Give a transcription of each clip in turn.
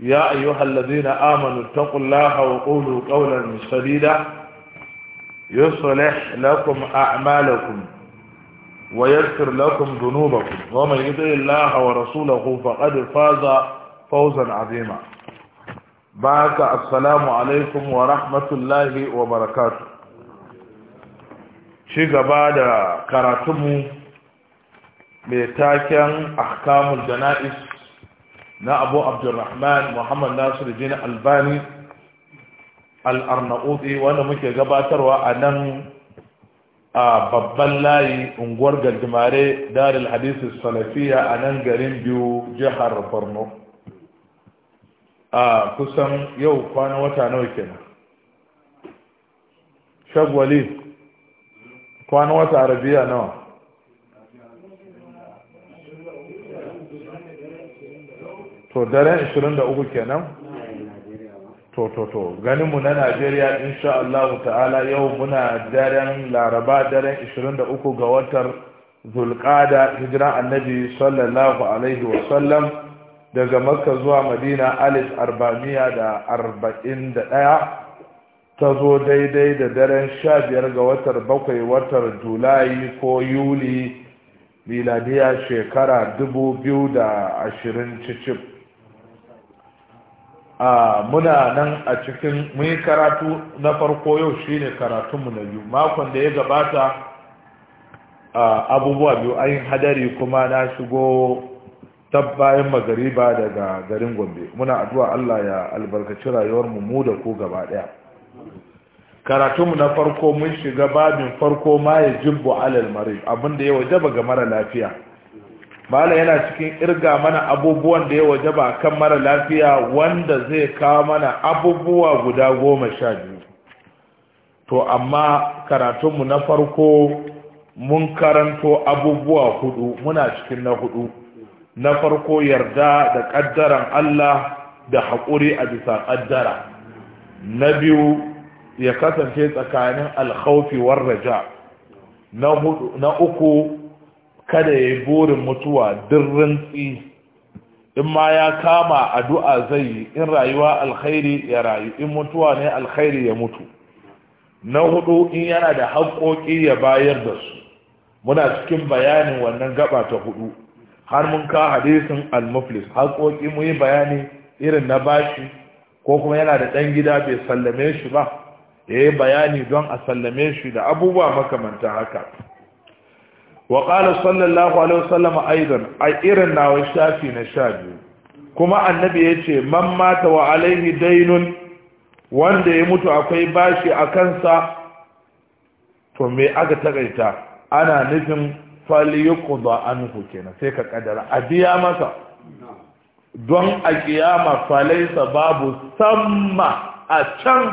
يا أيها الذين آمنوا اتقوا الله وقولوا قولا سديدا يصلح لكم أعمالكم ويغفر لكم ذنوبكم ومن يطع الله ورسوله فقد فاز فوزا عظيما بارك السلام عليكم ورحمة الله وبركاته شيخ بعد كراتمو ميتاكا أحكام الجنائز na abu abdurrahman muhammad nasir jini albani al'arna'uɗi wanda muke gabatarwa a nan a babban layi unguwar galdimare daril hadisi salafiya a nan garin biyu jihar borno a kusan yau kwana wata nawa kenan shagwali kwana wata arabiya nawa to daren 23 kenan to to to ganinmu na najeriya insha allahu ta'ala yau muna daren laraba daren 23 ga watar zulqada hijira annabi sallallahu alaihi wasallam daga makka zuwa madina alif arba'amiya da arba'in da ɗaya ta zo daidai da daren sha biyar ga watar bakwai watar julai ko yuli miladiya shekara dubu biyu da ashirin cicif a muna nan a cikin mun yi karatu na farko yau shine karatunmu na biyu makon da ya gabata abubuwa biyu an yi hadari kuma na shigo tabbayin magariba daga garin gombe muna addu'a Allah ya albarkaci rayuwar mu mu da ku gaba daya karatunmu na farko mun shiga babin farko ma ya jibbu alal marid abinda ya wajaba ga mara lafiya mala yana cikin irga mana abubuwan da ya waje ba kan mara lafiya wanda zai kawo mana abubuwa guda goma sha biyu to amma karatunmu na farko mun karanto abubuwa hudu muna cikin na hudu na farko yarda da ƙaddaran Allah da haƙuri a bisa ƙaddara na biyu ya kasance tsakanin alkhaufi war raja na uku kada ya yi burin mutuwa din rantsi in ma ya kama addu'a zai yi in rayuwa alkhairi ya rayu in mutuwa ne alkhairi ya mutu na hudu in yana da haƙoƙi ya bayar da su muna cikin bayanin wannan gaba ta hudu har mun ka hadisin al-muflis haƙoƙi mu yi bayani irin na bashi ko kuma yana da ɗan gida bai sallame shi ba ya yi bayani don a sallame shi da abubuwa makamanta haka wa qala sallallahu alaihi wasallam aidan ai irin nawa shafi na sha biyu kuma annabi yace man mata wa alaihi dainun wanda ya mutu akwai bashi a kansa to me aka takaita ana nufin falyuqda anhu kenan sai ka kadara a biya masa don a kiyama falaisa babu samma a can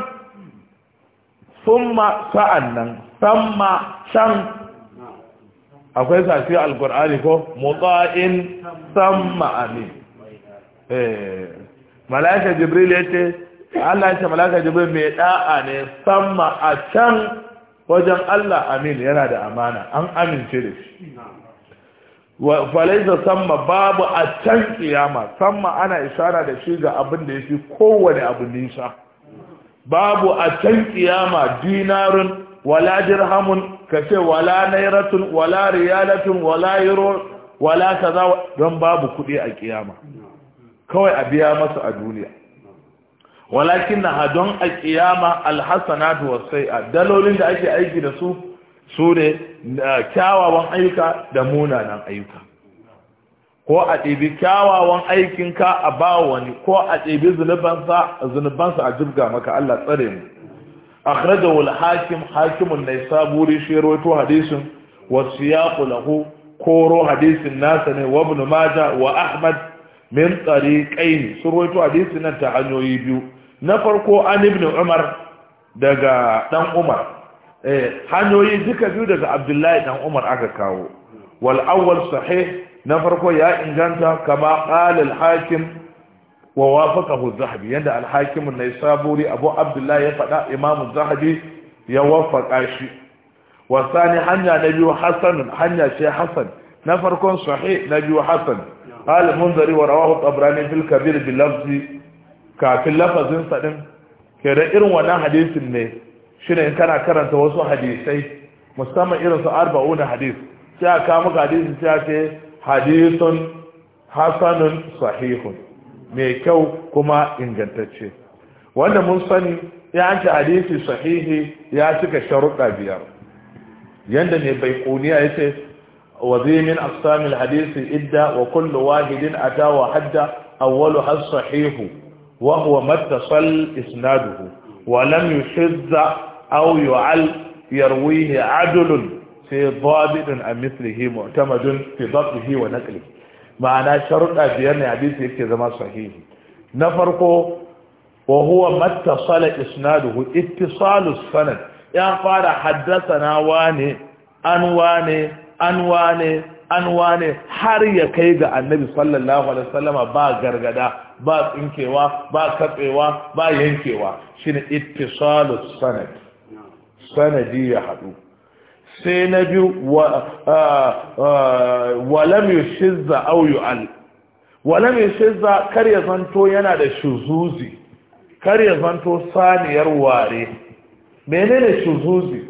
summa sa'an nan samma can akwai safi alkur'ani ko mutsa'in samma amin eh, malaka jibril ya ce allah ya ce malaka jibril mai da'a ne samma a can wajen allah amin yana da amana an amince da shi falaisa samma babu a can kiyama samma ana ishara da shi ga abin da ya fi kowane abu nisa babu a can kiyama dinarun wala dirhamun ka ce wala nairatun wala riyalatun wala euro wala kaza don babu kuɗi a kiyama kawai a biya masa a duniya walakin na don a kiyama alhassanatu wasai a dalolin da ake aiki da su su ne kyawawan ayyuka da munanan ayyuka ko a ɗebi kyawawan aikinka a ba wani ko a ɗebi zunubansa a jirga maka Allah tsare mu akhrajahu hakim hakimun naysaburi shi rawaito hadisin wa siyaqu lahu koro hadisin nasa ne wa ibn majah wa ahmad min tariqain sun rawaito hadisin nan ta hanyoyi biyu na farko an ibn umar daga dan umar hanyoyi duka biyu daga abdullahi ɗan umar aka kawo wal Sahi na farko ya inganta kama hakim wa wafaqahu zahabi yadda al-hakim an-naysaburi abu abdullah ya faɗa imam zahabi ya wafaka shi wa sani hanya na biyu hasan hanya ce hasan na farkon sahih na biyu hasan al munzari wa rawahu tabrani fil kabir bi lafzi kafin lafazin sa din ke da irin wannan hadisin ne shine in kana karanta wasu hadisai musamman irin su arba'una hadis sai ka muka hadisin sai ce hadisun hasanun sahihun mai kyau kuma ingantacce wanda mun sani ya ci hadisi sahihi ya cika sharuɗa biyar yanda mai bai kuniya ya ce wazimin asamil hadisi idda wa kullu wahidin ata wa hadda awwalu has sahihu wa huwa mattasal isnaduhu wa lam yushizza aw yu'al yarwihi adlun fi dhabit an mithlihi mu'tamadun fi dhabtihi wa naqlihi ma'ana sharuɗa biyar ne hadisi yake zama sahihi na farko wa huwa mattasala isnaduhu ittisalu sanad ya fara haddasana wane an wane an wane an wane har ya kai ga annabi sallallahu alaihi wasallama ba gargada ba tsinkewa ba katsewa ba yankewa shine ittisalu sanad sanadi ya haɗu sai na biyu walam shizza auyu al. walam shizza kar ya zanto yana da shuzuzi kar ya zanto saniyar ware menene shuzuzi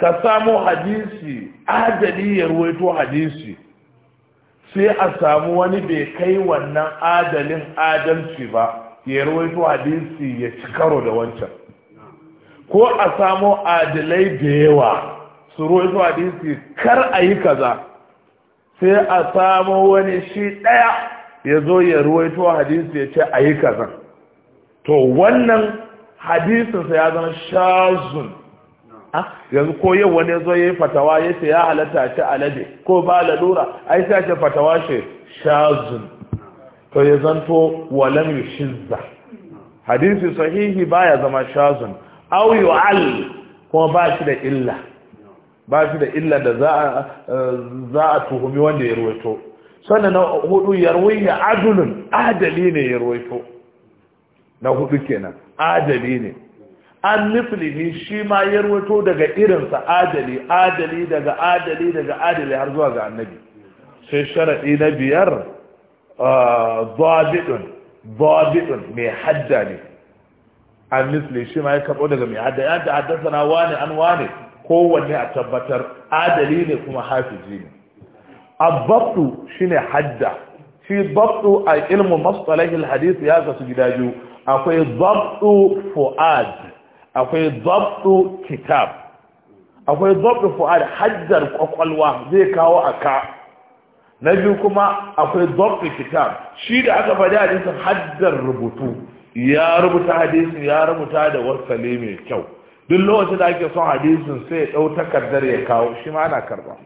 ka samu hadisi adali ya ruwaito hadisi sai a samu wani bai kai wannan adalin adalci ba ya ruwaito hadisi ya ci karo da wancan ko a samu adalai da yawa su ruwaito hadisi kar a yi kaza sai a samo wani shi ɗaya ya zo ya ruwaito hadisi ya ce a yi kaza to wannan hadisinsa ya zama shazun ah, yanzu ko yau wani ya zo ya yi fatawa ya ce ya halatta ce alade ko ba lalura ai sai ce fatawa ce shazun to ya zanto walam yushizza hadisi sahihi baya zama shazun au yu'al kuma ba shi da illa ba shi da illa da za a tuhumi wanda ya ruwaito sannan na hudu yarwiya adalin adali ne ya ruwaito na hudu kenan adali ne an ne shi ma ya ruwaito daga irinsa adali adali daga adali daga adali har zuwa ga annabi sai sharaɗi na biyar zabiɗin zabiɗin mai hadda ne an misli shi ma ya karɓo daga mai hadda ya ta haddasa na wane an wane kowanne a tabbatar adali ne kuma hafizi ne abbabtu shine hadda shi babtu a ilmu mastalahil hadith ya gasu gida biyu akwai babtu fu'ad akwai babtu kitab akwai babtu fu'ad hajjar kwakwalwa zai kawo aka na biyu kuma akwai babtu kitab shi da aka faɗi hadisin hajjar rubutu ya rubuta hadisin ya rubuta da wasale mai kyau duk lokacin da ake son hadisin sai ya ɗau takardar ya kawo shi ma ana karɓa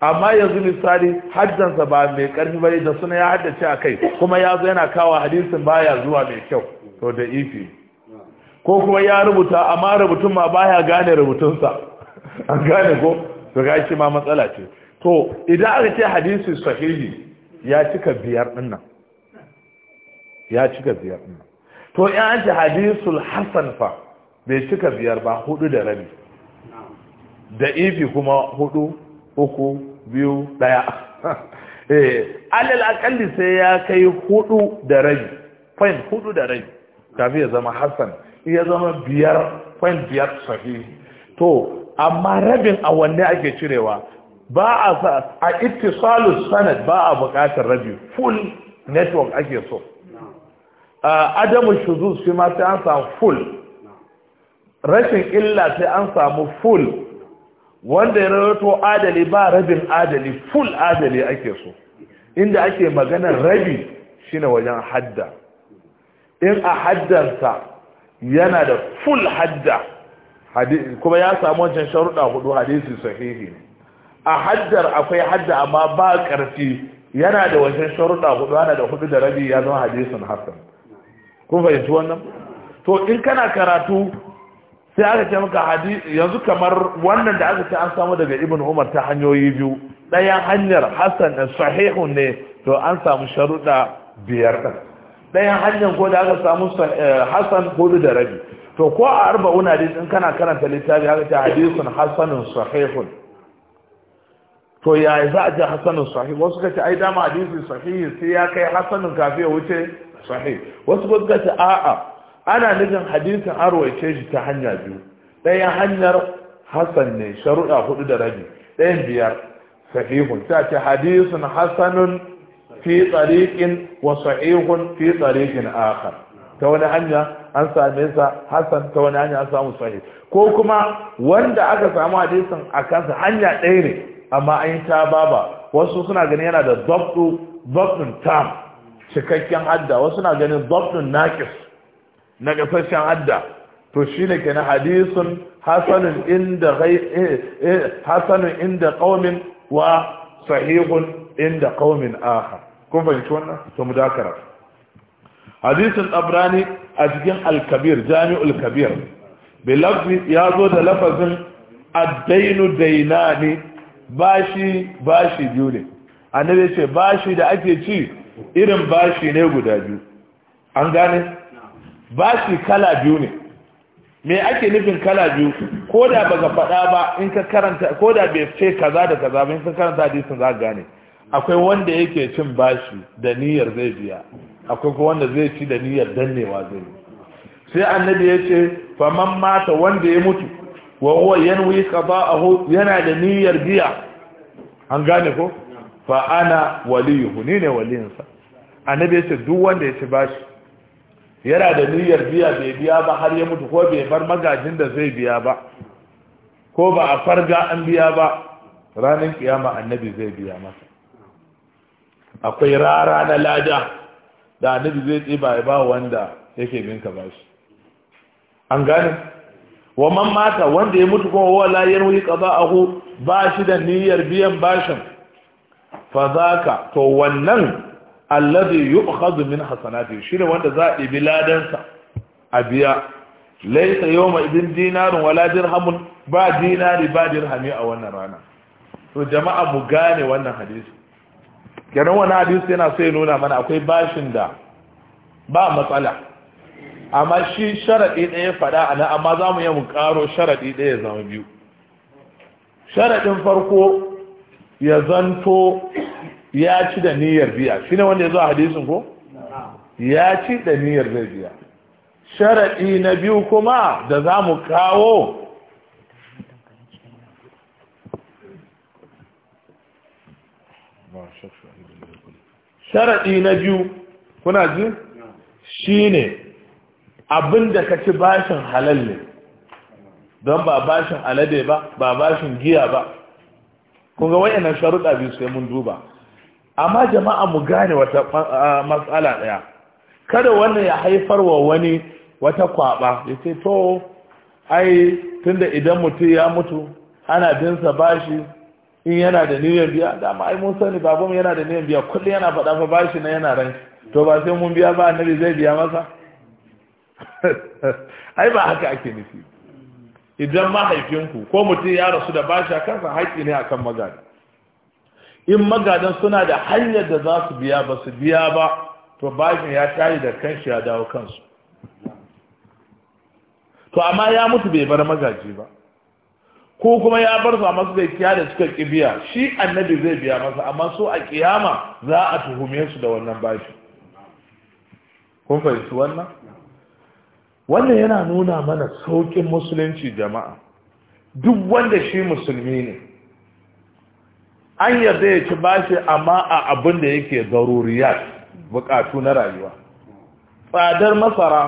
amma yanzu misali hajjansa ba mai ƙarfi bane da suna ya haddace a kai kuma ya zo yana kawo hadisin baya zuwa mai kyau to da ifi ko kuma ya rubuta amma rubutun ma baya gane rubutunsa an gane ko to ga shi ma matsala ce to idan aka ce hadisi sahihi ya cika biyar dinnan ya cika biyar dinnan to in an ce hadisul hasan fa bai cika biyar ba hudu da rabi da ifi e kuma hudu uku biyu daya eh, alal akalli sai ya kai hudu da rabi fain hudu da rabi kafin ya zama hassan ya zama biyar fain biyar sahihi to amma rabin a wanne ake cirewa ba a sa a ittisalus sanad ba a bukatar rabi full network ake so adamu shuzu shi ma sai an samu full rashin illa sai an samu full wanda ya rawato adali ba rabin adali full adali ake so inda ake maganar rabi shine wajen hadda in a haddarsa yana da full hadda kuma ya samu wancan sharuɗa hudu hadisi sahihi a haddar akwai hadda amma ba ƙarfi yana da wancan sharuɗa hudu yana da hudu da rabi ya zama hadisin hasan kuma fahimci wannan to in kana karatu sai aka ce maka hadisi yanzu kamar wannan da aka ce an samu daga ibn umar ta hanyoyi biyu ɗayan hanyar da sahihun ne to an samu sharuɗa biyar ɗan ɗayan hanyar ko da aka samu eh, Hassan hudu da rabi to ko a arba'un dai in kana karanta littafi aka ce hadisun hassanin sahihun to ya za a ji hassanin sahih wasu ka ce ai dama hadisun sahihi sai ya kai hassanin kafin ya wuce sahih wasu ka ce a'a ana nufin hadisin arwaice shi ta hanya biyu ɗaya hanyar hasan ne sharuɗa hudu da rabi ɗayan biyar sahihun ta ce hadisin hasanun fi tsariƙin wa sahihun fi tsariƙin akar ta wani hanya an same sa hasan ta wani hanya an samu sahi ko kuma wanda aka samu hadisin a kansa hanya ɗaya ne amma an yi ta baba wasu suna ganin yana da dabtu dabtun tam cikakken hadda wasu na ganin dabtun naƙis na gasashen adda to shi ne kenan hadisun hasanun inda eh, eh, hasanun inda qaumin wa sahihun inda qaumin aha kun fahimci wannan to mu dakara hadisin abrani a cikin al-kabir jami'ul kabir bi ya zo da lafazin addainu dainani bashi bashi biyu ne annabi ce bashi da ake ci irin bashi ne guda biyu an gane bashi kala biyu ne me ake nufin kala biyu ko da ba ka faɗa ba in ka karanta ko da bai ce kaza da kaza ba in ka karanta hadisin za ka gane akwai wanda yake cin bashi da niyyar zai biya akwai kuma wanda zai ci da niyyar dannewa zai sai annabi ya ce fa man mata wanda ya mutu wa huwa yanwi qada'ahu yana da niyyar biya an gane ko fa ana waliyuhu ni ne waliyinsa annabi ya ce duk wanda ya ci bashi yana da niyyar biya bai biya ba har ya mutu ko bai bar magajin da zai biya ba ko ba a farga an biya ba ranar kiyama annabi zai biya masa akwai rara na lada da annabi zai tsiba ya ba wanda yake bin ka ba shi an gane wa man mata wanda ya mutu kuma wala yanwi ahu ba shi da niyyar biyan bashin fa zaka to wannan alladhi yu'khadhu min hasanati shine wanda za a ɗibi ladansa a biya laysa yawma idin dinarun wala dirhamun ba dinari ba dirhami a wannan rana to jama'a mu gane wannan hadisi kenan wannan hadisi yana so ya nuna mana akwai bashin da ba matsala amma shi sharadi ɗaya faɗa a nan amma za mu yi mu karo sharadi ɗaya zama biyu sharadin farko ya zanto ya ci da niyyar biya shi ne wanda ya zo a hadisin ko ya ci da niyyar zai biya sharaɗi na biyu kuma da za mu kawo sharaɗi na biyu kuna ji shi ne abin da ka ci bashin halal ne don ba bashin alade ba ba bashin giya ba kunga wa'yanan sharuɗa biyu sai mun duba amma jama'a mu gane wata matsala daya kada wannan ya haifar wa wani wata kwaba ya ce to ai tunda idan mutum ya mutu ana binsa bashi in yana da niyyar biya dama ai mun sani babanmu yana da niyyar biya kullum yana faɗa fa bashi na yana ran to ba sai mun biya ba annabi zai biya masa ai ba haka ake nufi idan mahaifinku ko mutum ya rasu da bashi a kansa haƙƙi ne akan magana in magadan suna da hanyar da za su biya ba su biya ba to bashin ya tare da kanshi ya dawo kansu to amma ya mutu bai bar magaji ba ko kuma ya bar su amma suka kiya da suka kibiya shi annabi zai biya masa amma so a kiyama za a tuhume su da wannan bashi kun fahimci wannan wannan yana nuna mana saukin musulunci jama'a duk wanda shi musulmi ne an yarda ya ci bashi amma a abin da yake zaruriyar bukatu na rayuwa tsadar masara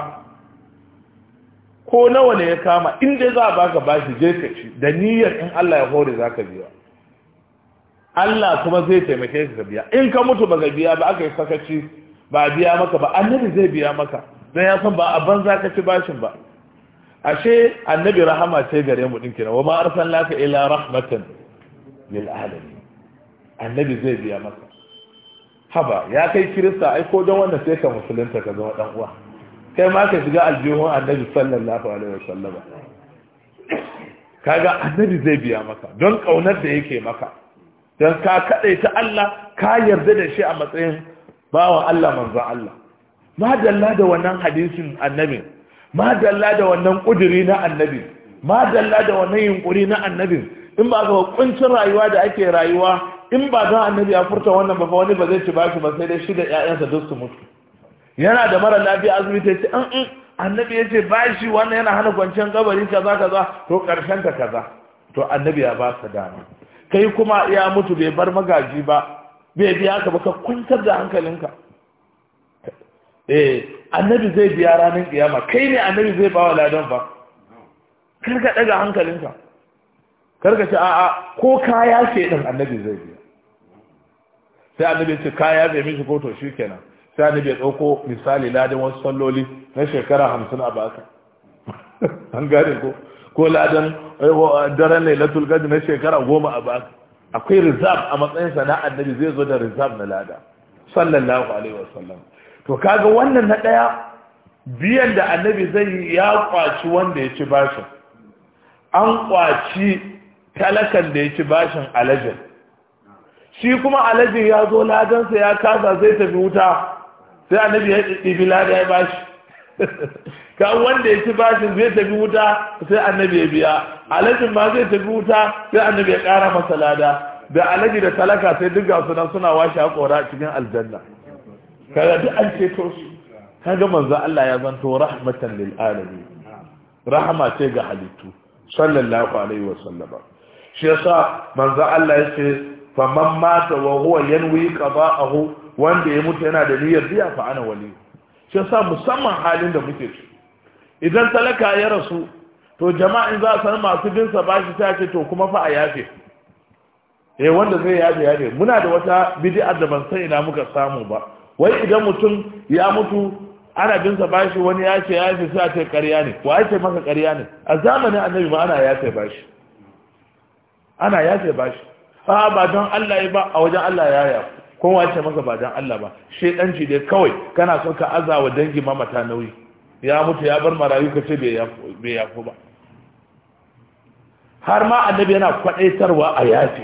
ko nawa ne ya kama inda za a baka bashi je ka ci da niyyar in Allah ya hore za ka biya Allah kuma zai taimake ka biya in ka mutu ba ka biya ba aka yi sakaci ba a biya maka ba annabi zai biya maka don ya san ba a ban za ka ci bashin ba ashe annabi rahama ce gare mu din wa ma arsalnaka ila rahmatan lil alamin annabi zai biya masa haba ya kai kirista ai ko don wanda sai ka musulunta ka zama dan uwa kai ma ka shiga aljihun annabi sallallahu alaihi sallama kaga annabi zai biya maka don kaunar da yake maka don ka ta Allah ka yarda da shi a matsayin bawan Allah manzo Allah Ma dalla da wannan hadisin annabi ma dalla da wannan kudiri na annabi dalla da wannan yunkuri na annabi in ba ga kuncin rayuwa da ake rayuwa in ba zan annabi a furta wannan ba wani ba zai ci bashi ba sai dai shi da ƴaƴansa duk su mutu yana da mara lafiya azumi ta ce an mm, an mm, annabi ya ce bashi wannan yana hana kwanciyar kabari kaza kaza to karshen ta kaza to annabi ya ba ka dama kai kuma ya mutu bai bar magaji ba bai biya ka ba ka kwantar da hankalinka eh annabi zai biya ranar kiyama kai ne annabi zai bawa ladan fa kar ka daga hankalinka kar ka ce a'a ko kaya ce din annabi zai biya sai annabi ce kaya bai mishi ko to shi kenan. sai annabi ya dauko misali ladan wasu salloli na shekara hamsin a baka an gane ko ko ladan eh, daren lailatul qadr na shekara goma a baka akwai rizab a matsayin sa na annabi zai zo da rizab na lada sallallahu alaihi wasallam to kaga wannan na daya biyan da annabi zai yi ya kwaci wanda ya ci bashin an kwaci talakan da ya ci bashin alajin shi kuma alaji ya zo ladansa ya kasa zai tafi wuta sai annabi ya ɗibi lada ya bashi ka wanda ya ci bashin zai tafi wuta sai annabi ya biya alaji ma zai tafi wuta sai annabi ya ƙara masa lada da alaji da talaka sai duk gasu nan suna washe ƙora cikin aljanna kaga duk an ceto su kaga manzo Allah ya zanto rahmatan lil alamin rahama ce ga halittu sallallahu alaihi wa sallama shi yasa manzo Allah ya ce faman mata wa huwa yanwi qada'ahu wanda ya mutu yana da niyyar biya fa ana wali shi yasa musamman halin da muke ciki idan talaka ya rasu to jama'in za san masu bin sa bashi ta ce to kuma fa a yafe eh wanda zai yafe yafe muna da wata bid'a da ban san ina muka samu ba wai idan mutum ya mutu ana bin sa bashi wani ya ce ya ce sa a ce ƙarya ne wa ce maka ƙarya ne a zamanin annabi ma ana yafe bashi ana yafe bashi a ba don Allah ya ba a wajen Allah ya yaya kowa ce maka ba don Allah ba shedanci dai kawai kana so ka azawa dangi mata nauyi ya mutu ya bar marayu ka ce bai ko ba har ma annabi yana kwadaitarwa a yafi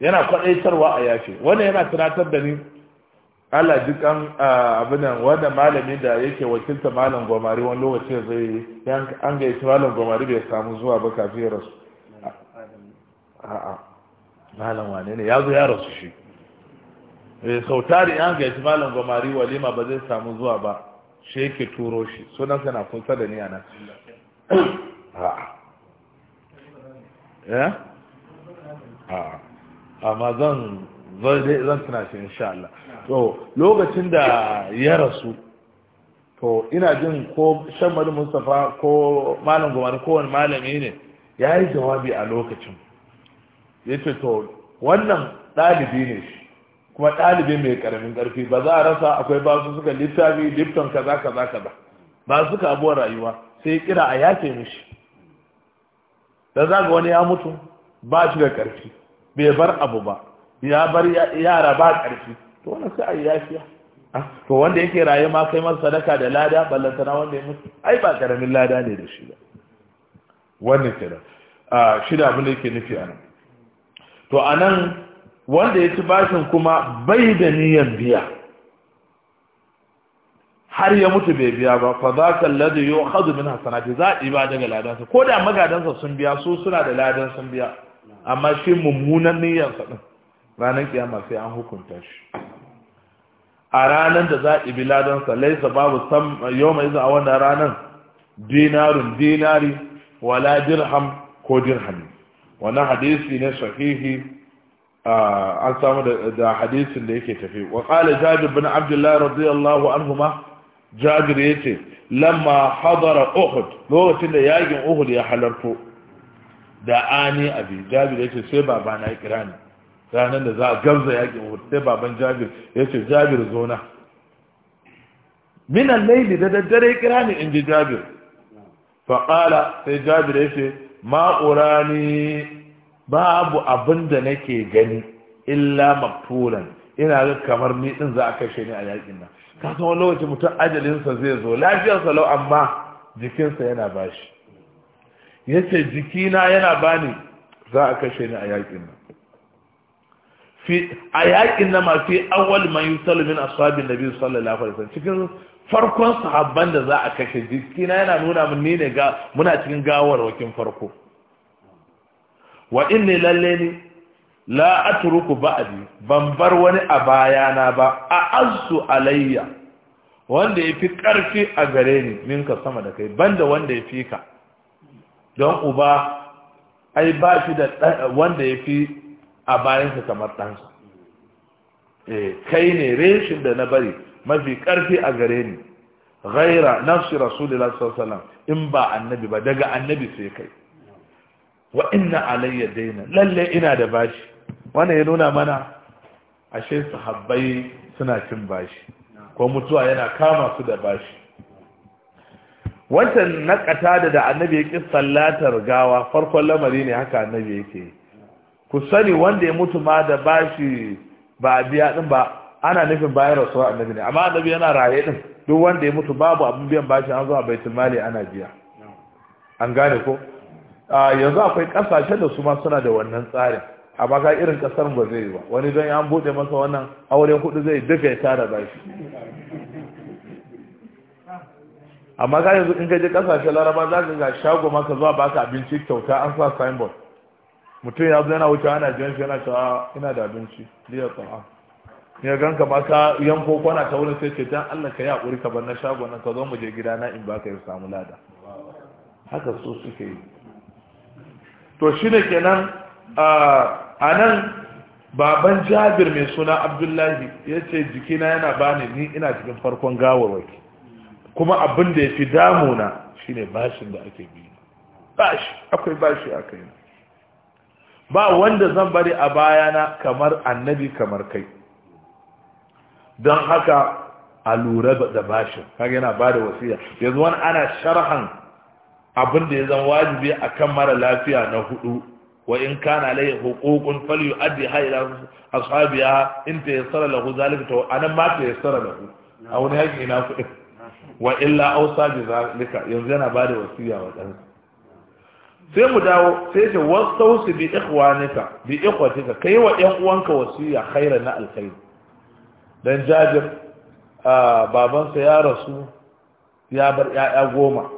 yana kwadaitarwa a yafi wannan yana tunatar da ni Allah dukan abinan wanda malami da yake wakilta malam gomari wani lokaci zai an gaisa malam gomari bai samu zuwa ba kafin rasu a'a malam wane ne ya zo ya rasu shi eh, sau tari an gaji malam gwamari walima ba zai samu zuwa ba shi yake turo shi sunansa na kunsa da ni a nan eh? amma zan zan tana shi insha Allah to lokacin da ya rasu to ina jin ko shan mustapha ko malam gwamari ko wani malami ne ya yi jawabi a lokacin ya ce to wannan ɗalibi ne shi kuma ɗalibi mai ƙaramin ƙarfi ba za a rasa akwai ba su suka littafi lipton kaza kaza kaza ba suka abuwar rayuwa sai kira a yafe mishi da za ga wani ya mutu ba shi da ƙarfi bai bar abu ba ya bar yara ba ƙarfi to wannan sai a yi yafiya ah, to wanda yake raye ma kai masa sadaka da lada ballantana wanda ya mutu ai ba ƙaramin lada ne da shi ba wannan kenan ah, shida abin da yake nufi a nan to a nan, wanda ya ci bashin kuma bai da niyan biya har ya mutu bai biya ba fa za ka ladi yi wa min hasanati za a ba daga ladansa ko da magadansa sun biya su suna da ladan sun biya amma shi mummunan niyan din ranar kiyama sai an hukunta shi a ranar da za a ɗi ladansa laisa babu sam yau mai a wannan ranar dinarin dinari wala dirham ko dirhami wani hadisi ne sahihi an samu da hadisin da yake tafi wa qala jabir bin abdullah radiyallahu anhuma jabir yace lamma hadara uhud lokacin da yakin uhud ya halarto da ani abi jabir yace sai baba na kira ni ranar da za a gamza yakin uhud sai baban jabir yace jabir zo na min al-layli da daddare kira ni inji jabir fa qala sai jabir yace ne babu abin da nake gani illa maktulan ina ga kamar ni din za a kashe ni a yakin nan ka san wani lokaci mutum ajalinsa zai zo lafiyarsa lau amma jikinsa yana bashi yace jikina yana bani za a kashe ni a yakin nan fi a yakin na ma fi awwal man yusallu min ashabin nabi sallallahu alaihi wasallam cikin farkon sahabban da za a kashe jikina yana nuna min ne ga muna cikin gawar gawarwakin farko wa inni lalle ni la atruku ba'di ban bar wani a bayana ba a azu alayya wanda yafi karfi a gare ni minka sama da kai banda wanda yafi ka don uba ai ba shi da wanda yafi a bayansa kamar ɗansa eh kai ne reshin da na bari mafi karfi a gare ni ghaira nafsi rasulullahi sallallahu alaihi wasallam in ba annabi ba daga annabi sai kai wa inna alayya daina lalle ina da bashi wannan ya nuna mana ashe sahabbai suna cin bashi ko mutuwa yana kama su da bashi wancan na katada da annabi ya sallatar gawa farkon lamari ne haka annabi yake ku sani wanda ya mutu ma da bashi ba a biya din ba ana nufin bayan sauran annabi ne amma annabi yana raye din duk wanda ya mutu babu abin biyan bashi an zuwa baitul mali ana biya an gane ko yanzu akwai kasashen da su ma suna da wannan tsarin amma ga irin kasar ba zai yi ba wani don ya bude masa wannan aure hudu zai duka ya tara bashi amma ga yanzu in gaje kasashen laraba za ka ga shago maka zuwa ka abinci kyauta an sa signboard mutum ya zo yana wuce ana jiyan shi yana cewa ah, ina da abinci liya tsaha ya ganka ba ka yanko kwana ta wurin sai ce dan Allah ka yi hakuri ka bar na shagon nan ka zo mu je gida na in baka ya samu lada haka so suke yi to shine kenan a nan baban jabir mai suna abdullahi yace ce jikina yana bani ni ina cikin farkon gawarwaki kuma abin da ya fi damuna shine bashin da ake bi bashi akwai bashi a kai ba wanda zan bari a bayana kamar annabi kamar kai don haka a lura da bashin kaga yana ba da wasiya yanzu wani ana sharhan abin da ya zama wajibi akan mara lafiya na hudu wa in kana lai huququn falyu'addi ha ila ashabiya in yassara lahu zalika to anan ma ta yassara lahu a wani haƙi na kuɗi wa illa awsa bi zalika yanzu yana ba da wasiya wa dan sai mu dawo sai ce wasausi bi ikhwanika bi ikhwatika kai wa ƴan uwanka wasiya khairan na alkhairi don a babansa ya rasu ya bar ‘ya'ya goma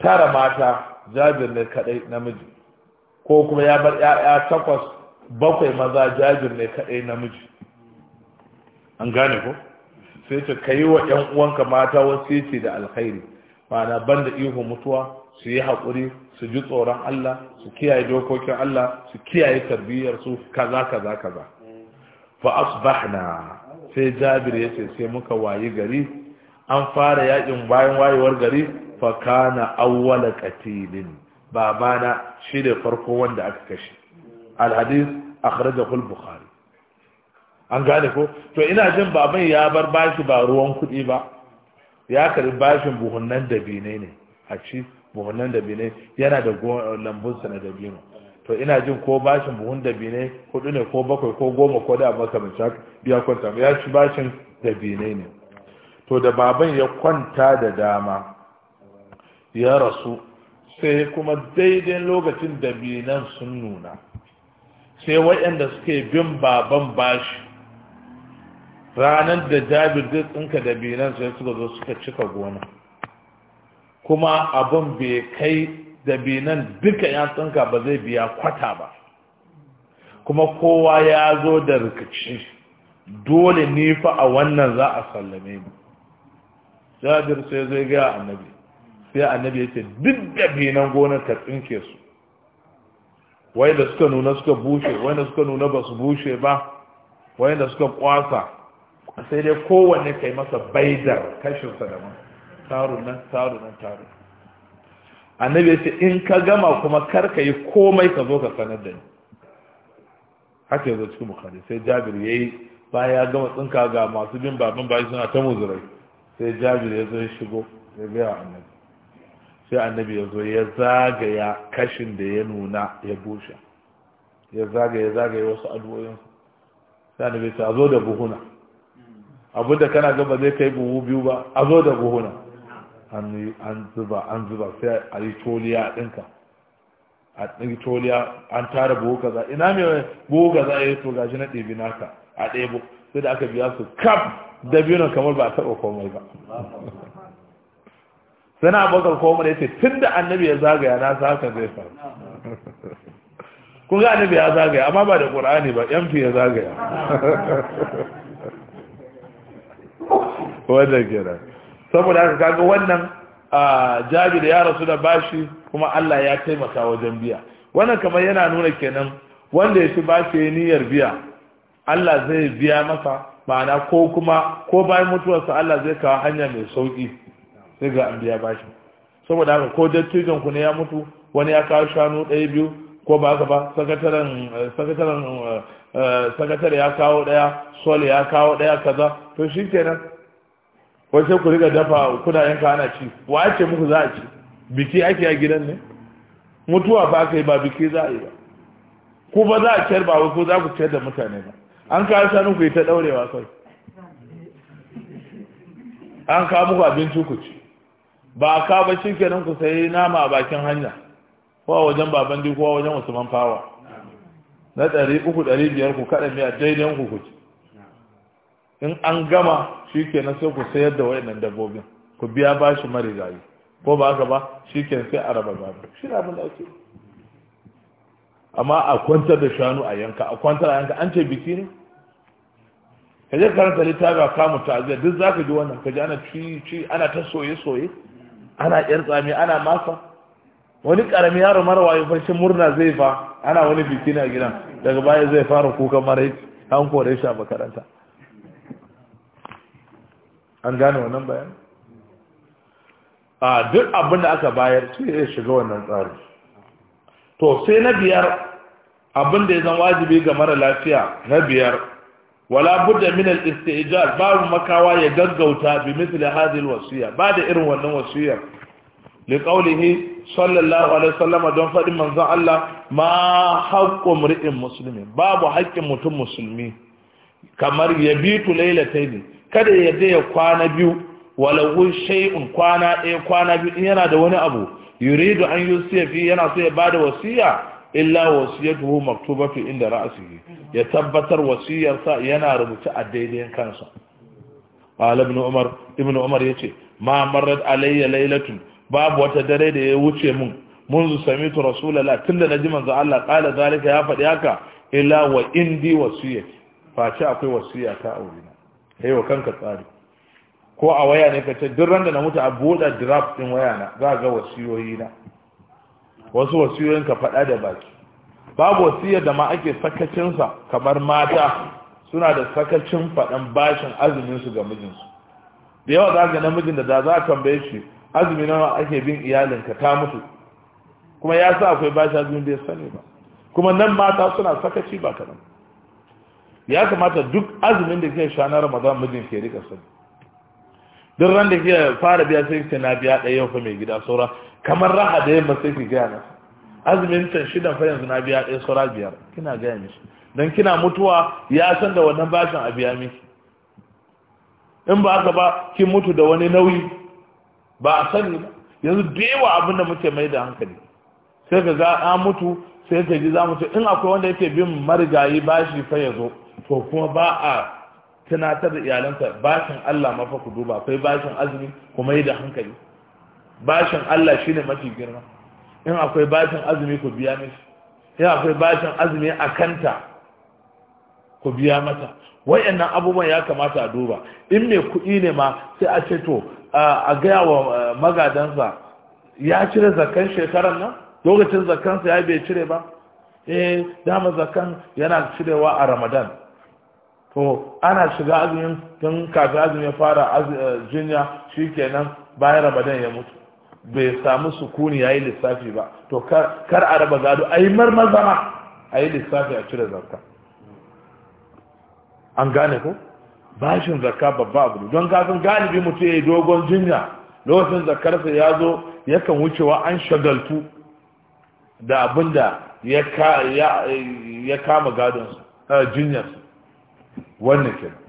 tara mata jajir ne kadai namiji ko kuma ya bar ‘ya'ya takwas bakwai maza jajir ne kadai namiji an gane ko sai ta kai wa ‘yan uwanka mata wasiti da alkhairi ma'ana da ihu mutuwa su yi haƙuri su ji tsoron Allah su kiyaye dokokin Allah su kiyaye tarbiyyar su kaza kaza kaza fa asbahna sai jabir yace sai muka wayi gari an fara yakin bayan wayewar gari fa kana awwala qatilin babana shi da farko wanda aka kashe al hadith akhrajahu al bukhari an gane ko to ina jin baban ya bar bashi ba ruwan kuɗi ba ya karbi bashin buhunnan dabinai ne a ci buhunnan dabinai yana da lambunsa na dabino to ina jin ko bashin buhun dabi ne hudu ne ko bakwai ko goma ko da mai haka biya kwanta ya ci bashin dabi ne ne to da baban ya kwanta da dama ya rasu sai kuma daidai lokacin dabinan sun nuna sai waɗanda suke bin baban bashi ranar da jabir duk ɗinka dabinan sai suka zo suka cika gona kuma abin bai kai dabinan duka tsinka ba zai biya kwata ba kuma kowa ya zo da rikici dole ne fa a wannan za a sallame ni jabir sai zai gaya annabi sai annabi ya ce duk dabinan gonar ka tsinke su wai da suka nuna suka bushe wai da suka nuna ba su bushe ba wai da suka kwasa sai dai kowanne kai masa baidar kashinsa da man taru nan taru nan annabi ya ce in ka gama kuma kar ka yi komai ka zo ka sanar da ni haka yanzu cikin bukari sai jabir ya yi bayan ya gama tsinka ga masu bin baban bayi suna ta muzurai sai jabir ya zo ya shigo ya gaya annabi sai annabi ya zo ya zagaya kashin da ya nuna ya bushe ya zagaya zagaya wasu addu'o'insu sai annabi ya ce a zo da buhuna abu da kana gaba zai kai buhu biyu ba a zo da buhuna an zuba an zuba sai a yi toliya a ɗinka a ɗin toliya an tara buhu kaza ina mai buhu kaza ya yi to gashi na ɗebi naka a ɗebo sai da aka biya su kaf nan kamar ba a taɓa komai ba sai na bakar komai ya ce tun da annabi ya zagaya na sa haka zai faru kun ga annabi ya zagaya amma ba da ƙur'ani ba yan ya zagaya wajen kenan saboda haka kaga wannan da ya rasu da bashi kuma Allah ya taimaka wajen biya wannan kamar yana nuna kenan wanda ya fi bashi ya niyyar biya Allah zai biya masa ma'ana ko kuma ko bayan mutuwarsa Allah zai kawo hanya mai sauki sai ga an biya bashi saboda haka ko dattijon ku ne ya mutu wani ya kawo shanu ɗaya biyu ko ba haka ba sakataren sakataren eh, eh, sakatare ya kawo ɗaya sole ya kawo ɗaya kaza to shi kenan ko sai ku riga dafa kuna yanka ana ci wa ce muku za a ci biki ake a gidan ne mutuwa ba ka yi ba biki za a yi ba ku ba za a ciyar ba ko za ku ciyar da mutane ba an kawo sanu ku yi ta daurewa kai an kawo muku abinci ku ci ba a kawo ba shi kenan ku sayi nama a bakin hanya ko a wajen baban ko a wajen usman fawa na ɗari uku ɗari biyar ku kaɗa miya daidai ku ku ci in an gama shi kenan sai ku sayar da wayannan dabbobin ku biya bashi marigayi ko ba haka ba shi kenan sai a raba gado shi na abin da ake amma a kwantar da shanu a yanka a kwantar a yanka an ce biki ne ka je karanta littafi a kamun ta'aziyya duk za ka ji wannan ka ji ana ci ci ana ta soye soye ana yar tsami ana masa wani karami yaro mara wayo farshen murna zai fa ana wani biki na gidan daga baya zai fara kukan mara an kore shi a makaranta an gane wannan bayan a duk abin da aka bayar su ya shiga wannan tsari to sai na biyar abin da ya zan wajibi ga mara lafiya na biyar wala budda min al istijab babu makawa ya gaggauta bi misli hadhihi wasiya ba da irin wannan wasiyar li qawlihi sallallahu alaihi wasallam don fadin manzon Allah ma haqqu mri'in muslimin babu haƙƙin mutum musulmi kamar ya bitu lailataini kada ya je ya kwana biyu walau shay'un kwana ɗaya kwana biyu in yana da wani abu yuridu an yusiya fi yana so ya bada wasiya illa wasiyatuhu maktubatu inda ra'asi ya tabbatar wasiyarsa yana rubuce a daidai kansa qala ibn umar ibn umar yace ma marrat alayya laylatun babu wata dare da ya wuce mun منذ سمعت رسول الله تلا نجي allah الله قال ya faɗi haka هكا wa indi وصيه face akwai wasiya ta aure na kai wa kanka tsari ko a waya ne ka ce duk randa na mutu a buɗe draft din waya na za ga wasiyoyi na wasu wasiyoyin ka faɗa da baki babu wasiyar da ma ake sakacinsa kamar mata suna da sakacin faɗan bashin azumin su ga mijinsu da yawa za ga namijin da za a tambaye shi azumi nawa ake bin iyalinka ta mutu kuma ya sa akwai bashin azumin bai sani ba kuma nan mata suna sakaci ba kaɗan ya kamata duk azumin da ke sha na ramadan mijin ke rika sani duk ran da ke fara biya sai ce na biya ɗaya yau fa mai gida saura kamar raha da yamma sai ki gaya masa azumin can shida fa yanzu na biya ɗaya saura biyar kina gaya mishi dan kina mutuwa ya san da wannan bashin a biya miki in ba haka ba kin mutu da wani nauyi ba a sani ba yanzu da yawa abin da muke mai da hankali sai ka ga an mutu sai ka ji za mu ce in akwai wanda yake bin marigayi bashi fa ya zo to kuma ba a tunatar da iyalansa bashin Allah mafa ku duba akwai bashin azumi kuma yi da hankali bashin Allah shi ne mafi girma in akwai bashin azumi ku biya mishi in akwai bashin azumi a kanta ku biya mata wayannan abubuwan ya kamata a duba in mai kuɗi ne ma sai a ce to a gaya wa eh, magadansa ya cire zakan shekaran nan lokacin zakansa ya bai cire ba eh dama zakan yana cirewa a ramadan ko ana shiga azumin tun kafin azumin ya fara eh, jinya shikenan bayan ramadan ya mutu bai samu sukuni yayi lissafi ba to kar a raba gado a ayi marmazama yi lissafi a cire zarka an gane ko bashin zakka babba abu don kafin galibi mutu ya yi dogon jinya lokacin zakarsa ya zo yakan wucewa an shagaltu da abinda ya kama gadonsa eh, jinyarsa wannan kenan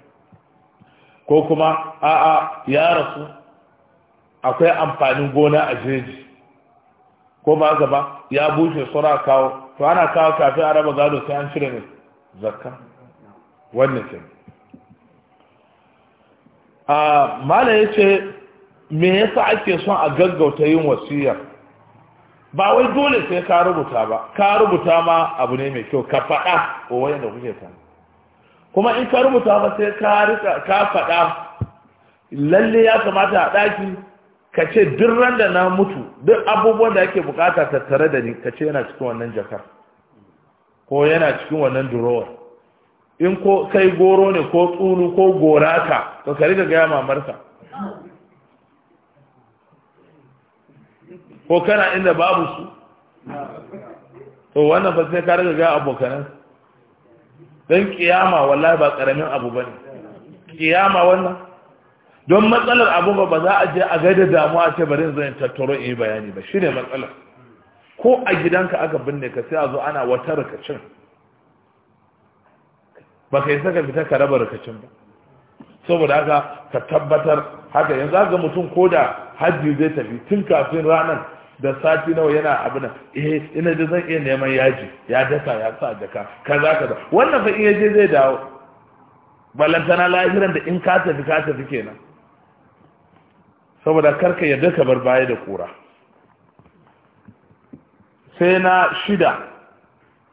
ko kuma a'a ya rasu akwai amfanin gona a jeji ko ba gaba ya bushe sura kawo to ana kawo kafin a raba gado sai an cire ne zakka wannan kenan a mala ya ce me yasa ake son a gaggauta yin wasiyar ba wai dole sai ka rubuta ba ka rubuta ma abu ne mai kyau ka faɗa wa da kuke tare kuma in ka rubuta ba sai ka rika ka faɗa lalle ya kamata a ɗaki ka ce duk ran da na mutu duk abubuwan da ake bukata tattare da ni ka ce yana cikin wannan jakar ko yana cikin wannan durowar in ko kai goro ne ko tsulu ko goraka to ka rika gaya mamarsa ko kana inda babu su to wannan fasai ka rika gaya abokanan don kiyama wallahi ba karamin abu bane kiyama wannan don matsalar abu ba za a je a gaida damuwa ce bari zan tattaro in yi bayani ba shine matsalar ko a gidanka aka binne ka sai a zo ana wata rikacin ba ka yi saka fita ka raba rikacin ba saboda haka ka tabbatar haka yanzu haka mutum ko da hajji zai tafi tun kafin ranar da sati nawa yana abu nan eh ina da zan iya neman yaji ya dasa ya sa jaka kaza kaza wannan fa iya je zai dawo balantana lahiran da in ka tafi ka tafi kenan saboda karka yadda ka bar baya da kura sai na shida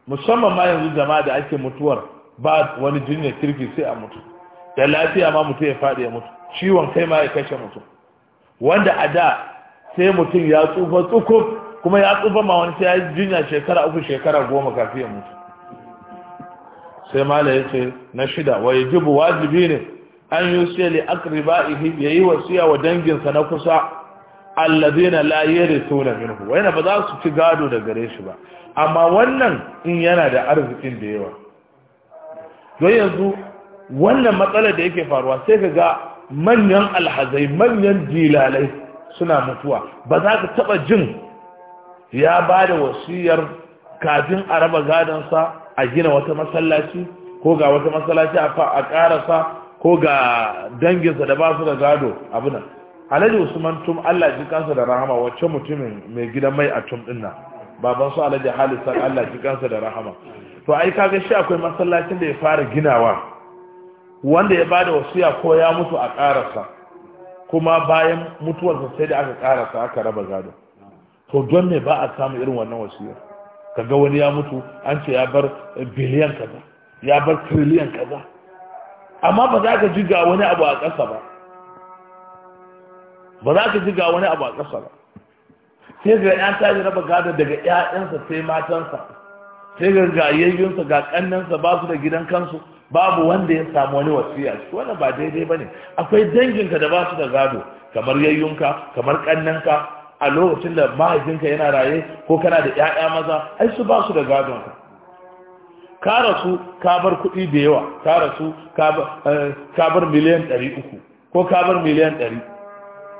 musamman ma yanzu jama'a da ake mutuwar ba wani jinya kirki sai a mutu da lafiya ma mutu ya faɗi ya mutu ciwon kai ma ya kashe mutu wanda a da sai mutum ya tsufa tsukuf kuma ya tsufa ma wani sai ya jinya shekara uku shekara goma kafin ya mutu sai mala ya ce na shida wa yajibu wajibi ne an yi siya li aqribaihi yayi wasiya wa danginsa na kusa alladhina la yarithuna minhu wayna ba za su ci gado da gare shi ba amma wannan in yana da arzikin da yawa don yanzu wannan matsalar da yake faruwa sai ka ga manyan alhazai manyan dilalai suna mutuwa ba za ka taba jin ya ba da wasiyar kafin a raba gadonsa a gina wata masallaci ko ga wata masallaci a karasa ko ga danginsa da ba su da gado abinan alhaji usman tum allah ji kansa da rahama wacce mutumin mai gidan mai a tum dinna. baban su alhaji halisar allah ji kansa da rahama to ai kaga shi akwai masallacin da ya fara ginawa wanda ya ba da wasiya ko ya mutu a karasa kuma bayan mutuwarsa sai da aka karasa aka raba gado to don me ba a samu irin wannan wasiya kaga wani ya mutu an ce ya bar biliyan kaza ya bar triliyan kaza amma ba za ka ji ga wani abu a ƙasa ba ba za ka ji ga wani abu a ƙasa ba sai ga ya tashi raba gado daga ƴaƴansa sai matansa sai ga ga yayyunsa ga ƙannansa ba su da gidan kansu babu wanda ya samu wani wasiya shi wanda ba daidai ba ne. akwai danginka da ba su da gado kamar yayyunka kamar kannanka a lokacin da mahaifinka yana raye ko kana da ƴaƴa maza ai su ba su da gadon ka ka rasu ka bar kuɗi da yawa ka rasu eh, ka bar miliyan ɗari uku ko ka bar miliyan ɗari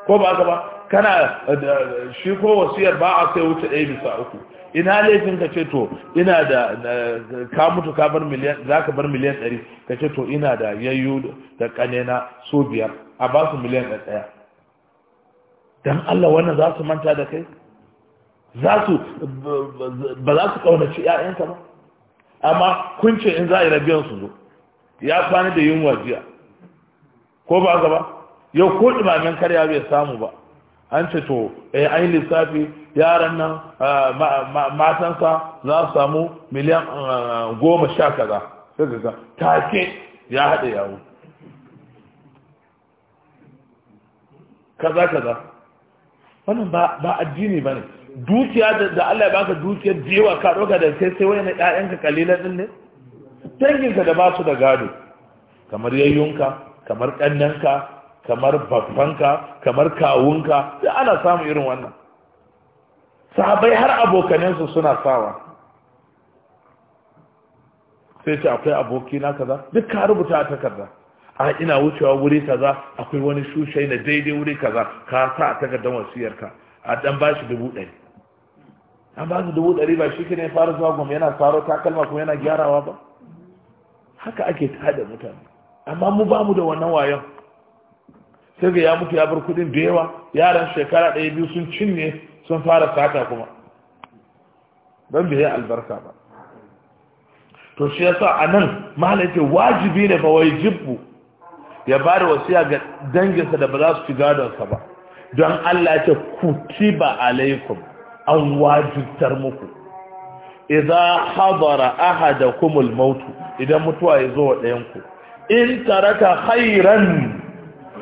ko ba ka ba kana shi ko wasiyar ba a sai wuce ɗaya bisa uku ina laifin ka ce to ina da ka mutu ka bar miliyan za ka bar miliyan ɗari ka ce to ina da yayyu da ƙanena so biyar a ba su miliyan ɗaya don Allah wannan za su manta da kai za su ba za su ƙaunaci ‘ya'yanka ba amma kun ce in za a yi rabiyan su zo ya kwana da yunwa jiya ko ba gaba yau ko ɗumamen karya bai samu ba an ce to eh ai lissafi yaran nan ah, matansa za su samu miliyan ah, goma sha kaza sai ga take ya haɗe yawo kaza kaza wannan ba addini ba ne dukiya da Allah ya baka dukiyar jewa ka ɗauka da sai sai wani ɗayanka kalilan ɗin ne danginka da ba su da gado kamar yayyunka kamar ƙannanka kamar babbanka kamar kawunka sai ana samu irin wannan sahabai har abokanensu suna sawa sai ce akwai abokina kaza duk ka rubuta a takarda a ina wucewa wuri kaza akwai wani shushai na daidai wuri kaza ka sa a takardar wasiyarka a dan bashi dubu ɗari an ba dubu ɗari ba shi ne fara zuwa gwam yana faro takalma kuma yana gyarawa ba haka ake tada mutane amma mu bamu da wannan wayon sai ga ya mutu ya bar kuɗin da yawa yaran shekara ɗaya biyu sun cinye sun fara sata kuma don bai yi albarka ba to shi ya sa a nan malam wajibi ne ba wai jibbu ya ba da wasiya ga danginsa da ba za su ci gadonsa ba don Allah ya ce kutiba alaikum an wajibtar muku idan hadara ahadakumul mautu idan mutuwa ya zo wa ɗayanku in taraka khairan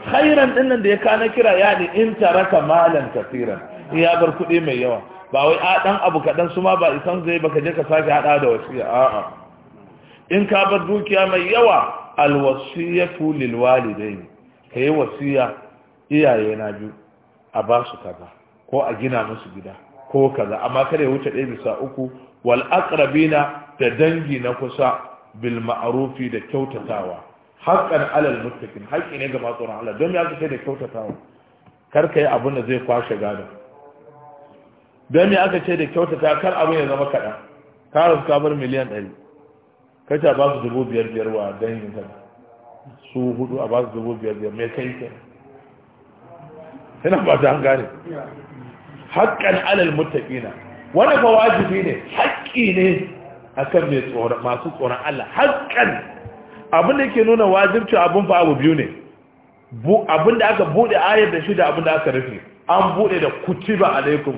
khairan ɗinnan da ya kana kira ya ne in taraka malan kafiran ya bar kuɗi mai yawa ba wai a dan abu kaɗan su ma ba isan zai baka je ka sake haɗa da wasiya a'a in ka bar dukiya mai yawa alwasiyatu lil walidain kai wasiya iyaye na biyu a ba su kaza ko a gina musu gida ko kaza amma kada ya wuce ɗaya bisa uku wal aqrabina da dangi na kusa bil ma'rufi da kyautatawa haƙƙan alal mutakin haƙƙi ne ga matsoron tsoron Allah don ya aka ce da wa kar yi abin da zai kwashe gado don ya aka ce da kyautata kar abin ya zama kaɗan karin kamar ka bar miliyan ɗari kai ta a ba su dubu biyar biyar wa dangin ka su hudu a ba su dubu biyar biyar me kai ke ina ba ta hangare haƙƙan alal muttaqina wani fa wajibi ne haƙƙi ne akan mai tsoron masu tsoron Allah haƙƙan abin da yake nuna wajibci abin fa abu biyu ne abin da aka bude ayar da shi da abin da aka rufe an bude da kutiba alaikum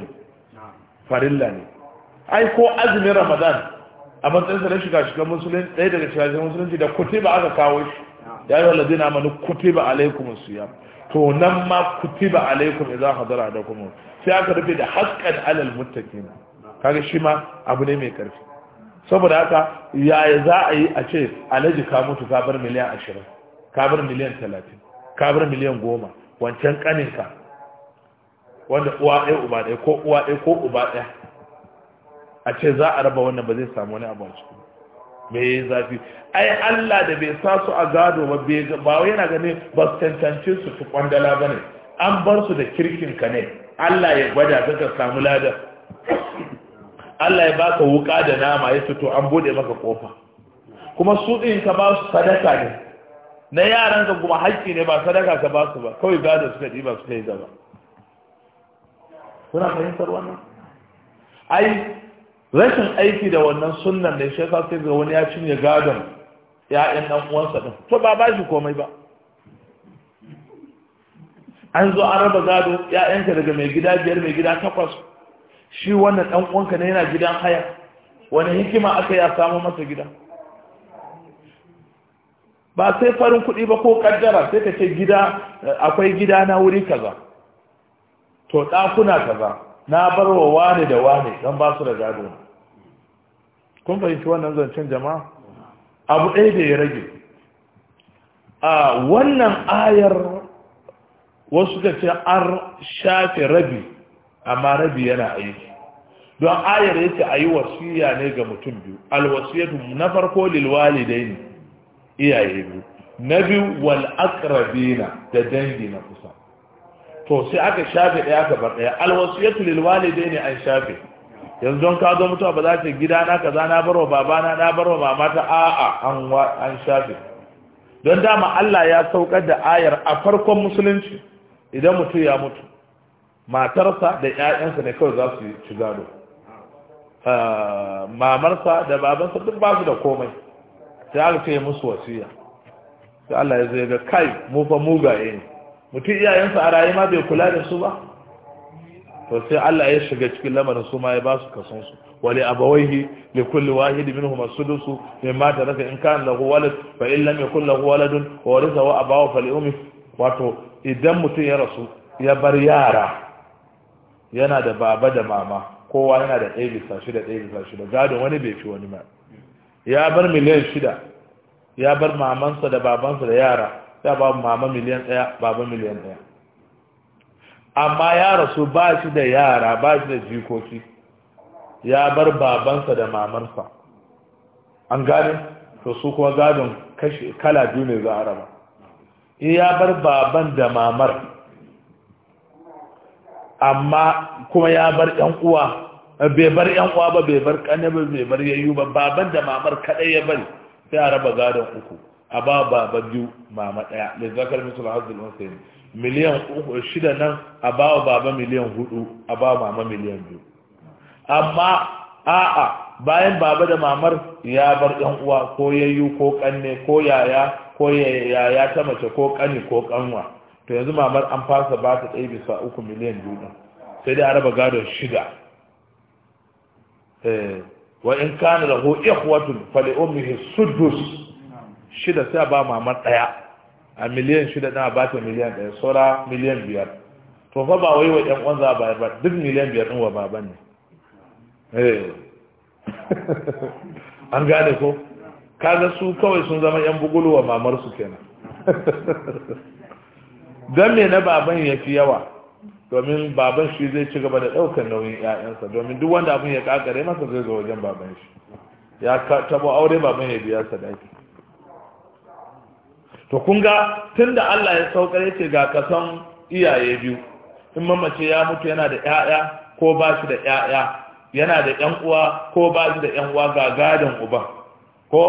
farilla ne ai ko azumin ramadan a matsayin sa na shiga shiga musulun ɗaya daga shiga shiga musulunci da kutiba aka kawo shi ya yi wallazi na mani kutiba alaikum siyam to nan ma kutiba alaikum idan hadara da kuma sai aka rufe da haqqan alal muttaqin kaga shi ma abu ne mai karfi saboda haka yaya za a yi a ce alhaji ka mutu ka bar miliyan ashirin ka bar miliyan talatin ka bar miliyan goma wancan kaninka wanda uwa ɗaya uba ɗaya ko uwa ɗaya ko uba ɗaya a ce za a raba wannan ba zai samu wani abu a ciki me ya zafi ai Allah da bai sa su a gado ba ba wai yana ganin ba su tantance su su kwandala ba ne an bar su da kirkin ka ne Allah ya gwada ka samu ladar Allah ya baka wuka da nama ya fito an bude maka kofa kuma su din ka ba su sadaka ne na yaran ka kuma haƙƙi ne ba sadaka ka ba su ba kawai gado suka ɗiba suka yi gaba kuna fahimtar wannan ai rashin aiki da wannan sunnan da shi yasa sai ga wani ya cinye gadon ya'yan dan uwansa din to ba ba shi komai ba an zo an raba gado ya'yanka daga mai gida biyar mai gida takwas shi wannan ɗan uwanka ne yana gidan haya wani hikima aka yi a samu masa gida ba sai farin kuɗi ba ko ƙaddara sai ka ce gida akwai gida na wuri kaza to ɗakuna kaza na bar wa wane da wane don ba su da gado kun fahimci wannan zancen jama'a abu ɗaya da ya rage a wannan ayar wasu ka ce an shafe rabi amma rabi yana aiki don ayar yace ayi wasiya ne ga mutum biyu alwasiyatu na farko lil walidaini iyaye biyu na biyu wal aqrabina da dangi na kusa to sai aka shafe daya ka bar daya alwasiyatu lil walidaini an shafe yanzu don ka zo mutuwa ba za ta gida na kaza na baro babana na baro mama ta. a'a an an shafe don dama Allah ya saukar da ayar a farkon musulunci idan mutum ya mutu matarsa da 'ya'yansa ne kawai za su ci gado ah, mamarsa da babansa duk ba su da komai sai aka ce musu wasiya sai Allah ya zai ga kai mu fa mugaye ne mutum iyayensa a rayuwa bai kula da su ba to sai Allah ya shiga cikin lamarin su ma ya ba su kason su wali abawaihi li kulli wahid minhum as-sudusu mimma taraka in kana lahu walad fa in lam yakul lahu waladun wa warithahu abawahu fa li ummi wato idan mutum ya rasu ya bar yara yana da baba da mama kowa yana da ɗaya bisa shida ɗaya bisa shida gadon wani bai fi wani ma ya bar miliyan shida ya bar mamansa da babansa da yara ya ba mama miliyan ɗaya baba miliyan ɗaya amma ya rasu ba shi da yara ba shi da jikoki ya bar babansa da mamansa. an gane to su kuma gadon kala biyu ne za a raba in ya bar baban da mamar amma kuma ya bar ƴan uwa bai bar ƴan uwa ba bai bar kane ba bai bar yayyu ba baban da mamar kadai ya bari sai a raba gadon uku a ba baba biyu mama daya da zakar misal hazul unsayin miliyan uku shida nan a ba wa baba miliyan hudu a ba mama miliyan biyu amma a'a bayan baba da mamar ya bar ɗan uwa ko yayyu ko kanne ko yaya ko yaya ta mace ko kani ko kanwa to yanzu mamar an fasa ba ta ɗaya bisa uku miliyan biyu sai dai araba gado gadon shida eh, wa in kana lahu ikhwatun fali ummihi sudus shida sai ba mamar ɗaya a miliyan shida na ba ta miliyan ɗaya saura miliyan biyar to fa ba wai wa ɗan uwan za ba ba duk miliyan biyar ɗin wa baban ne eh. an gane ko kaga su kawai sun zama 'yan bugulu wa mamar su kenan don me na baban ya fi yawa domin baban shi zai ci gaba da ɗaukar nauyin 'ya'yansa domin duk wanda abin ya kakare masa zai zo wajen baban shi ya tabo aure baban ya biya sadaki to kun ga tun da Allah ya saukar ya ce ga kasan iyaye biyu in mamace ya mutu yana da 'ya'ya ko ba shi da 'ya'ya yana da 'yan uwa ko ba shi da 'yan uwa ga gadin uban ko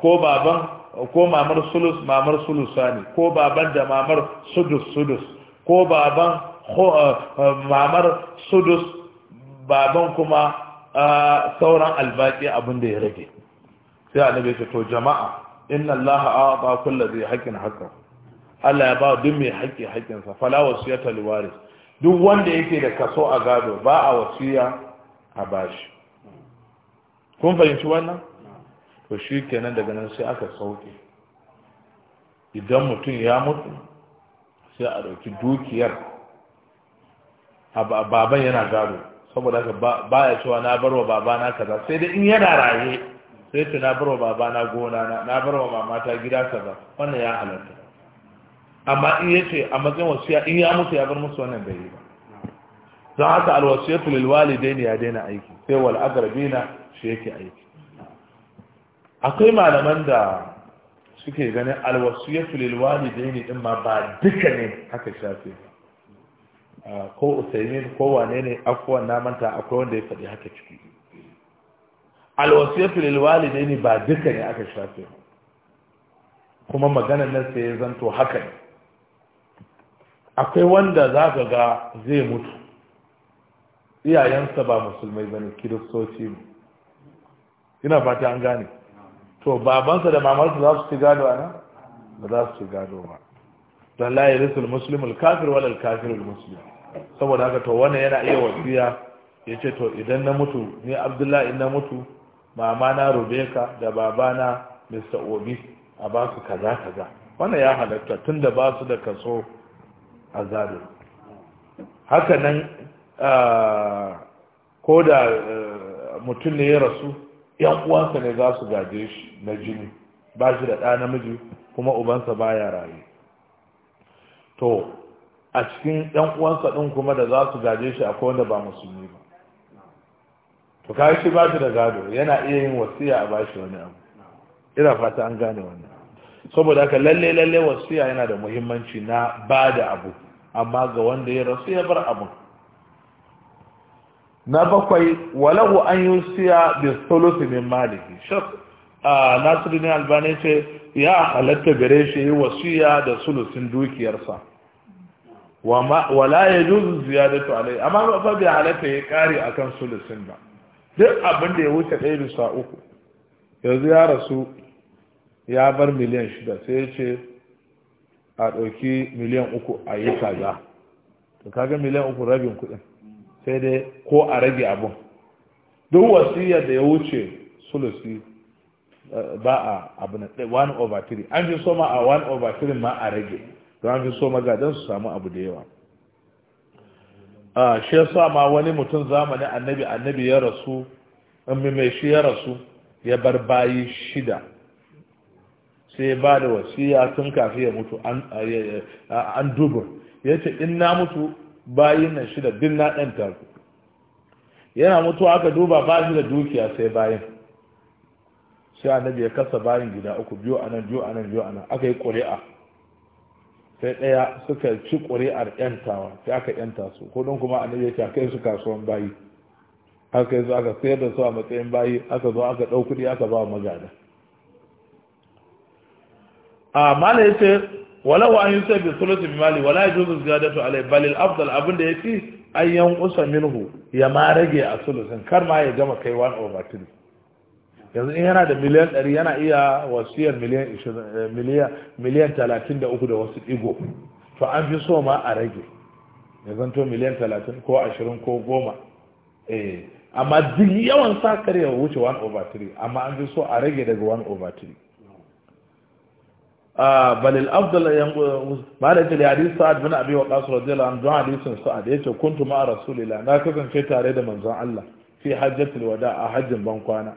ko baban ko mamar sulus mamar sulusa ne ko baban da mamar sudus sudus ko baban eh, eh, mamar sudus baban kuma eh, sauran albaki abin da ya rage sai annabi ce to jama'a inna allaha a'ta kulli dhi haqqin Allah ya ba duk mai haƙƙi haƙƙinsa fala wasiyata liwaris duk wanda yake da kaso a gado ba a wasiya a bashi kun fahimci wannan to shi kenan daga nan sai aka sauke idan mutum ya mutu sai a ɗauki dukiyar baban yana gado saboda haka ba ya cewa na bar wa babana kaza sai dai in yana raye sai ce na bar wa babana gona na bar wa mamata gida kaza wannan ya halatta amma in ya ce a matsayin wasiya in ya mutu ya bar musu wannan bai yi ba don haka alwasiyatu lil walidaini ya daina aiki sai wal aqrabina shi yake aiki akwai malaman da suke ganin alwasu ya filil walidaini din ma ba duka ne haka shafe ko usaimi ko wane ne afuwan na manta akwai wanda ya faɗi haka ciki alwasu ya filil walidaini ba duka ne aka shafe kuma maganar nan sai ya zanto haka ne akwai wanda za ka ga zai mutu iyayensa ba musulmai ba ne kiristoci ne ina fata an gane to babansa da mamarsa za su ci gado a nan ba za su ci gado ba don la risul muslim alkafir wani alkafir saboda haka to wannan yana iya wasiya ya ce to idan na mutu ni Abdullahi in na mutu mama na Rubeka da baba na Mr. Obi a ba su kaza kaza wannan ya halatta tun da ba su da kaso a zabe haka nan ah, ko da eh, mutum ne ya rasu yan uwansa ne za su gaje shi na jini ba shi da ɗa namiji kuma ubansa baya rayu. to a cikin yan uwansa ɗin kuma da za su gaje shi akwai wanda ba musulmi ba to kai shi ba shi da gado yana iya yin wasiya a bashi wani abu ina fata an gane wani. saboda haka lalle lalle wasiya yana da muhimmanci na ba da abu amma ga wanda ya rasu ya bar abun na bakwai walahu an yi siya bi solusi min maliki shak ne albani ce ya halatta gare shi yi wasiya da solusin dukiyarsa wala ya juzu ziyadatu alai amma ba bai halatta ya kare kan sulusin ba duk abin da ya wuce ɗaya bisa uku yanzu ya rasu ya bar miliyan shida sai ya ce a ɗauki miliyan uku a yi kaza to kaga miliyan uku rabin kuɗin sai dai ko a rage abun duk wasiya da ya wuce sulusi eh, ba a abu na one over three an fi soma a one over ma a rage don an fi ga don su samu abu da yawa shi yasa ma wani mutum zamani annabi annabi ya rasu in mai shi ya rasu ya bar bayi shida sai ba da wasiya tun kafin ya mutu an eh, eh, dubur ya ce in na mutu bayin nan shida din na ɗan yana mutuwa aka duba ba da dukiya sai bayin sai annabi ya kasa bayin gida uku biyu a nan biyu a nan biyu a nan aka yi ƙuri'a sai ɗaya suka ci ƙuri'ar ƴantawa sai aka ƴanta su ko don kuma annabi ya kai su kasuwan bayi aka yi su aka sayar da su a matsayin bayi aka zo aka ɗau kuɗi aka ba magada a mala ya wala wa an yusa bi sulusi bi mali wala yajuzu ziyadatu alai bal al afdal abin da yake an usa minhu ya ma rage a sulusin kar ma ya gama kai 1 over 3 yanzu in yana da miliyan 100 yana iya wasiyar miliyan 20 eh, miliyan miliyan 33 da wasu digo to an fi so ma a rage ya zanto miliyan 30 ko 20 ko 10 eh amma duk yawan sakare ya wuce 1 over 3 amma an fi so a rage daga 1 over 3 bal al-afdal ba da ta hadisi sa'ad bin abi waqas radiyallahu anhu hadisin sa'ad yace kuntu ma rasulillah na kasance tare da manzon Allah fi hajjatul wada a hajjin bankwana.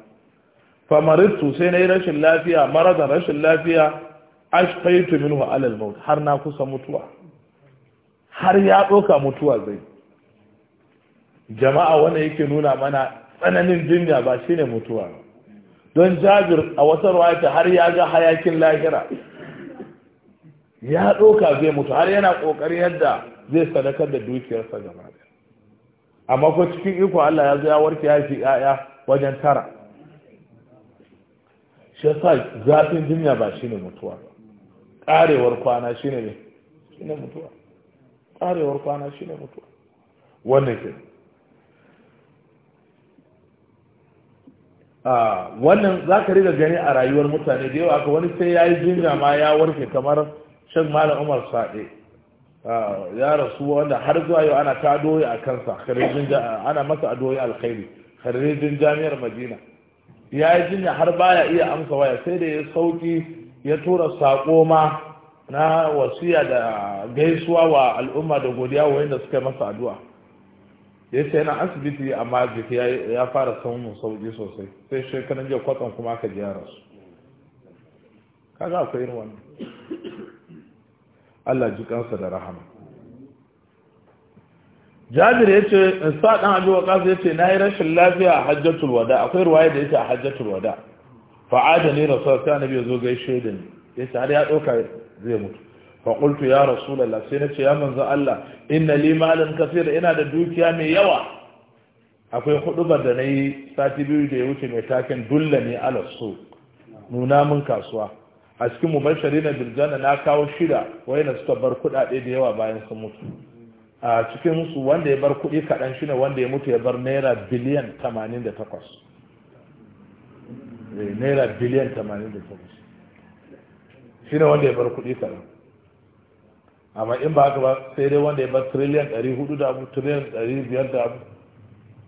kwana fa nayi rashin lafiya maradan rashin lafiya ashqaitu minhu ala al-maut har na kusa mutuwa har ya doka mutuwa zai jama'a wanda yake nuna mana tsananin jinya ba shine mutuwa don jabir a wata ruwaya har ya ga hayakin lahira ya ɗauka zai mutu har yana ƙoƙari yadda zai sadakar da dukiyarsa gaba ɗaya amma ko cikin iko Allah ya zo ya warke ya fi ƴaƴa wajen tara shi yasa zafin jinya ba shine mutuwa ƙarewar kwana shine ne shine mutuwa ƙarewar kwana shine mutuwa wannan ke ah, wannan za ka riga gani a rayuwar mutane da yawa wani sai ya yi jinya ma ya warke kamar can malam umar sade ah, ya rasu wanda har zuwa yau ana ta doyi a kansa ana masa a doyi alkhairi kharrijin jami'ar madina ya yi jinya har baya iya amsa waya sai da ya sauki ya tura sako ma na wasiya da gaisuwa wa al'umma da godiya wa yadda suka masa addu'a ya ce yana asibiti amma jiki ya fara samun sauki sosai sai shekaran jiya kwatsam kuma aka ji ya rasu kaga akwai irin wannan Allah ji kansa da rahama jabir ya ce in sa ɗan abi ƙasa ya ce na yi rashin lafiya a hajjatul wada akwai ruwaye da ya ce a hajjatul wada fa'ada ne rasul sai nabi ya zo gai shaida ne, ya ce ya ɗauka zai mutu faƙultu ya rasu lalla sai na ce ya manzo Allah inna li malin kasir ina da dukiya mai yawa akwai ba da na yi sati biyu da ya wuce mai takin dulla ne ala nuna mun kasuwa a cikin mubashari na birjana na kawo shida wayanda suka bar kuɗaɗe da yawa bayan sun mutu a cikin su wanda ya bar kuɗi kaɗan shi ne wanda ya mutu ya bar naira biliyan 88 eh, naira biliyan 88 shi ne wanda ya bar kuɗi kaɗan amma in ba haka ba sai dai wanda ya bar triliyan 400 da abu triliyan 500 da abu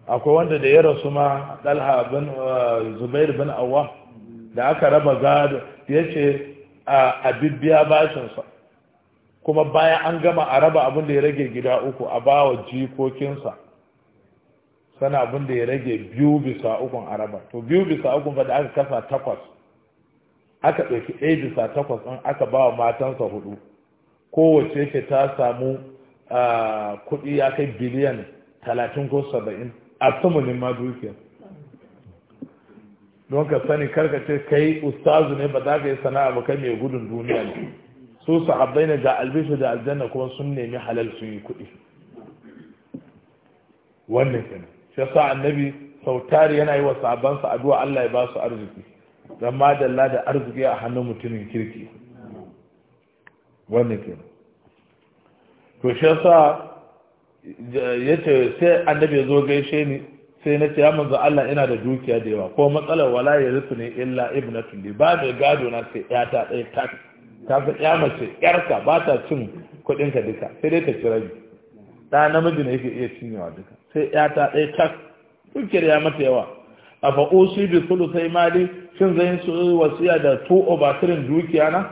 akwai wanda da ya rasu ma dalha bin eh, zubair bin Awa. da aka raba gado ya ce a bibbiya bashinsa kuma bayan an gama a raba abinda ya rage gida uku a ba wa jikokinsa sana abinda ya rage biyu bisa ukun a raba to biyu bisa ukun fa da aka kasa takwas aka ɗauki ɗaya bisa takwas ɗin aka ba wa matansa hudu kowace ke ta samu kuɗi ya kai biliyan talatin ko saba'in a tumunin ma dukiyar don ka sani karka ce kai ustazu ne ba za ka yi sana'a ba kai mai gudun duniya ne su sahabbai ne ga albishu da aljanna kuma sun nemi halal sun yi kuɗi wannan kenan shi yasa annabi sautari yana yi wa sahabbansa addu'a Allah ya ba su arziki dan madalla da arziki a hannun mutumin kirki wannan kenan to shi yasa yace sai annabi ya zo gaishe ni sai na ce ya manzo Allah ina da dukiya da yawa ko matsalar wala ya rufu ne illa ibn li ba mai gado na sai ya ta dai ta ta ga ya mace yarka ba ta cin kuɗin ka duka sai dai ta kira ni da namiji ne yake iya cinyewa duka sai ya ta dai ta dukiyar ya mata yawa a fa usi bi sai mali shin zai su wasiya da two over three dukiya na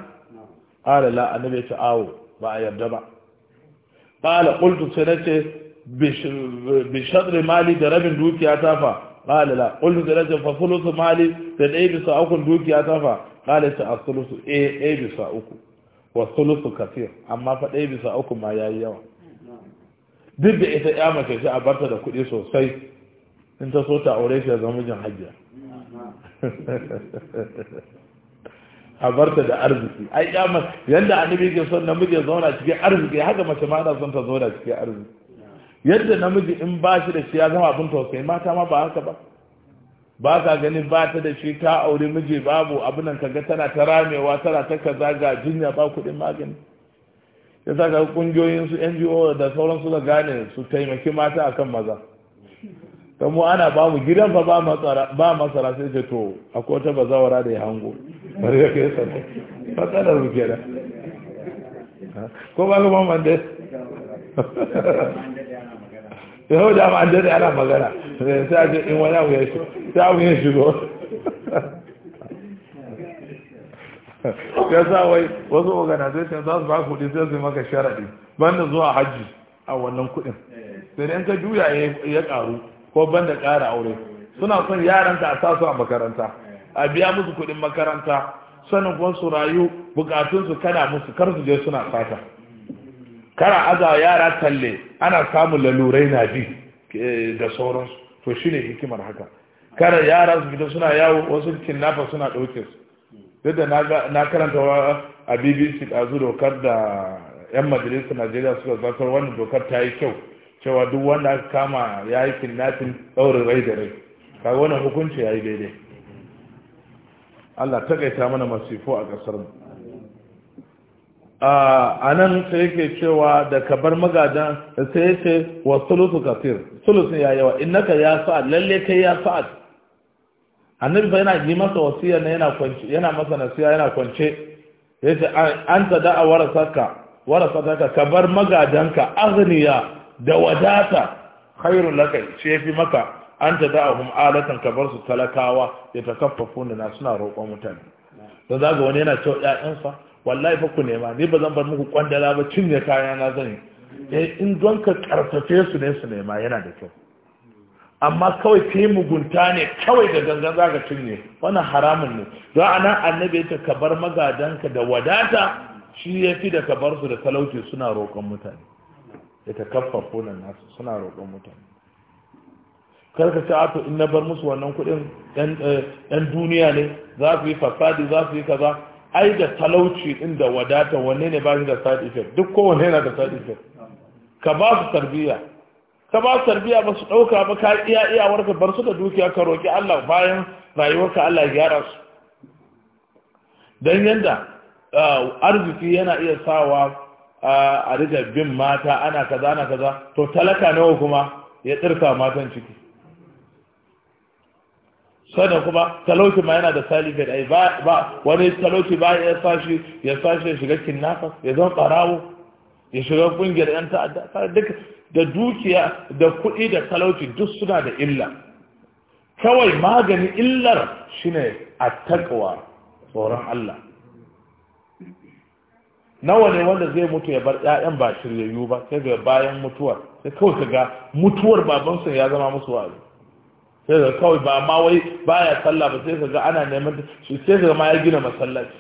qala la annabi ya ce awo ba a yarda ba qala qultu sai nace bishadri mali da rabin dukiya ta fa qala la qul da rajul fa thuluth mali da dai bisa uku dukiya ta fa qala ta thuluth eh eh bisa uku wa thuluth kathir amma fa dai bisa uku ma yayi yawa duk da ita ya mace ce a barta da kuɗi sosai in ta so ta aure shi ya zama mijin hajjiya a barta da arziki ai ya mace yanda annabi ke son namiji ya zauna cikin arziki haka mace ma ana son ta zauna cikin arziki yadda namiji in ba shi da shi ya zama abin tausayi mata ma ba haka ba ba ka gani ba ta da shi ta aure miji babu abin nan kaga tana ta ramewa tana ta kaza ga jinya ba kuɗin magani ya sa ga kungiyoyin su NGO da sauran su da gane su taimaki mata akan maza ta mu ana ba mu gidan fa ba masara sai ce to akwai wata bazawara da ya hango bari ya kai sana matsalar mu kenan ko ba ku ban yau da ma an ana magana da ce in wani abu ya shigo ta abu ya zo ya sa wai wasu organization za su ba kuɗi sai su maka sharaɗi banda zuwa hajji a wannan kuɗin sai da ka juya ya ƙaru ko banda ƙara aure suna son yaranta a sasu a makaranta a biya musu kuɗin makaranta sanin kuma su rayu bukatunsu kana musu kar su je suna sata kara aza yara talle ana samun lalurai na bi eh, da sauransu to shine hikimar haka kara yara su gida suna yawo wasu kinnafa suna ɗauke su duk da na karanta wa a bbc zu dokar da 'yan majalisar najeriya suka zartar wannan dokar ta yi kyau cewa duk wanda aka kama ya yi kinnafin ɗaurin rai da rai kaga wannan hukunci ya yi daidai allah ta gaita mana masifo a ƙasar mu a nan sai yake cewa da ka bar magadan sai yake wa sulusu kafir sulusun ya yawa naka ya sa'ad lalle kai ya sa'ad annabi fa yana yi masa wasiya ne yana kwance yana masa nasiya yana kwance yace an ta da'a warasaka warasaka ka bar magadanka aghniya da wadata khairu laka shi yafi maka an ta hum alatan ka bar su talakawa ya takaffafu na suna roƙon mutane da zaga wani yana cewa ƴaƴansa wallahi fa ku nema ni ba zan bar muku kwandala ba cinye kaya na zan eh in don ka karfafe su ne su nema yana da kyau amma kawai ka yi mugunta ne kawai da gangan za ka cinye wannan haramun ne don ana annabi ta ka bar magadanka da wadata shi ya fi da ka bar su da talauci suna roƙon mutane da ta kafafo nan nasu suna roƙon mutane karka ce ato in na bar musu wannan kuɗin ɗan eh, duniya ne za su yi fasadi za su yi kaza ai da talauci inda da wadata wanne ne ba shi da side effect duk kowanne yana da side effect ka ba su tarbiya ka ba su tarbiya ba su ɗauka ba ka iya iya warka bar su da dukiya ka roƙi Allah bayan rayuwarka Allah ya gyara su dan yanda ah, arziki yana iya sawa ah, a riga bin mata ana kaza ana kaza to talaka nawa kuma ya tsirka matan ciki sannan kuma talauci ma yana da salifin ai ba wani talauci ba ya sashi ya sashi ya shiga kinnafa ya zama barawo ya shiga kungiyar yan ta'adda duk da dukiya da kuɗi da talauci duk suna da illa kawai magani illar shine a taƙwa tsoron Allah nawa ne wanda zai mutu ya bar ƴaƴan ba shiryayyu ba sai ga bayan mutuwar sai kawai ka ga mutuwar babansa ya zama musu wa'azi sai ga kawai ba ma wai baya sallah ba sai ga ana neman shi sai ga ma ya gina masallaci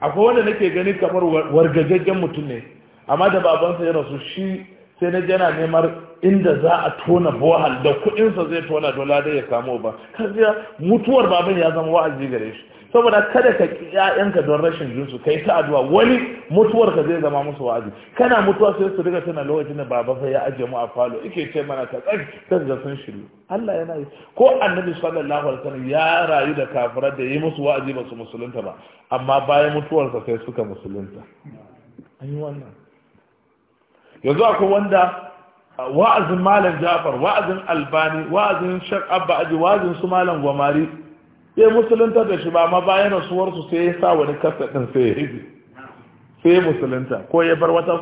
akwai wanda nake gani kamar wargajajen mutum ne amma da babansa ya rasu shi sai na jana neman inda za a tona bohal da kuɗinsa zai tona dola dai ya samu ba kaziya mutuwar baban ya zama wa'azi gare shi saboda kada ka ki ƴaƴanka don rashin jinsu kai ta addu'a wani mutuwar ka zai zama musu wa'azi kana mutuwa sai su riga tana lokacin da baba fa ya aje mu a falo yake ce mana ka tsaki kan da sun shiru Allah yana yi ko annabi sallallahu alaihi wasallam ya rayu da kafirar da yi musu wa'azi ba su musulunta ba amma bayan mutuwarsa sai suka musulunta an yi wannan yanzu akwai wanda wa'azin malam jafar wa'azin albani wa'azin shak abba aji wa'azin su malam gwamari sai musulunta da shi ba ma bayan rasuwarsu sai ya sa wani kasa ɗin sai ya yi sai musulunta ko ya bar wata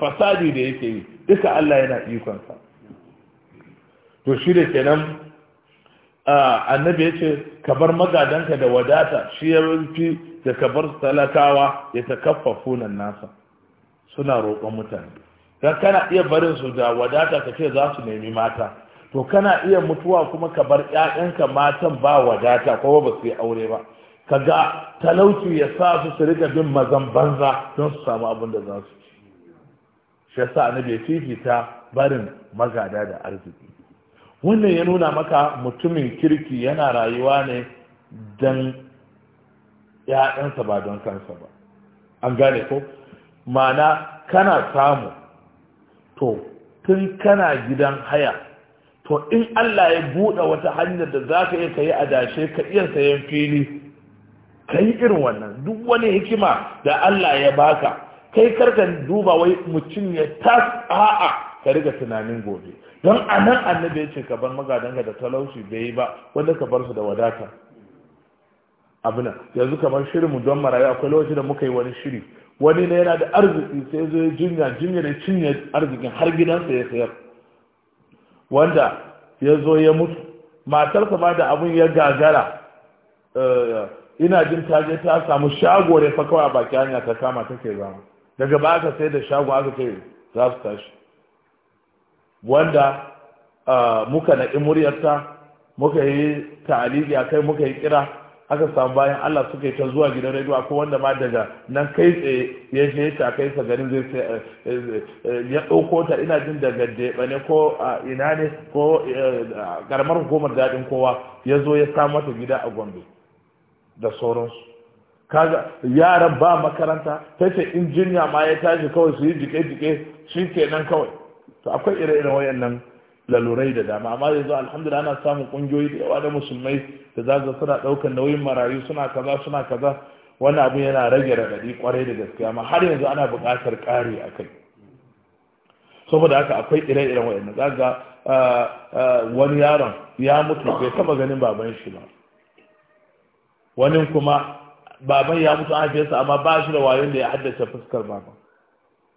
fasadi da yake yi duka Allah yana ikonsa to shi da kenan annabi ya ce ka bar magadanka da wadata shi ya fi da ka bar talakawa ya ta kaffa nasa suna roƙon mutane dan kana iya barin su da wadata ka ce za su nemi mata to kana iya mutuwa kuma ka bar ƴaƴanka matan ba wadata ko ba su yi aure ba ka ga talauci ya sa su su rika bin mazan banza don su samu abin da za su ci shi yasa annabi ya fifita barin magada da arziki wannan ya nuna maka mutumin kirki yana rayuwa ne don ƴaƴansa ba don kansa ba an gane ko Ma'ana kana samu to tun kana gidan haya to in Allah ya buɗe wata hanyar da za ka yi ka yi adashe ka iya sayan fili ka yi irin wannan duk wani hikima da Allah ya baka kai karka duba wai mutum ya tas a'a ka riga tunanin gobe don a nan annabi ya ce ka bar magadanka da talauci bai yi ba wanda ka bar su da wadata abuna yanzu kamar shirin mu don marayu akwai lokacin da muka yi wani shiri wani na yana da arziki sai zo ya jinya jinya da cinye arzikin har gidansa ya sayar wanda ya zo ya mutu matarsa ma da abin ya gagara eh, ina jin ta je ta samu shago ne fa kawai a baki hanya ta kama ta kai zama daga ba aka sai da shago aka kai za su tashi wanda eh, muka naɗi muryarta muka yi ta'aliki a kai muka yi kira aka samu bayan Allah suka yi ta zuwa gidan rediyo ko wanda ma daga nan kai tsaye ya je ta kai sa garin zai sai eh, eh, ya ɗauko ta ina jin daga deɓa ne ko ina ne ko karamar eh, hukumar daɗin kowa ya zo ya samu mata gida a gombe da sauransu kaga yaran ba makaranta ta ce injiniya ma ya tashi kawai su yi jike-jike shi kenan kawai to akwai ire-iren wayannan lalurai da dama amma yanzu alhamdulillah ana samun kungiyoyi da yawa da musulmai da su suna daukan nauyin marayu suna kaza suna kaza wannan abu yana rage radadi kwarai da gaskiya amma har yanzu ana buƙatar ƙari a kai saboda haka akwai ire-iren waɗanda ga wani yaron ya mutu bai taba ganin baban shi ba wani kuma baban ya mutu an amma ba shi da wayon da ya haddace fuskar baban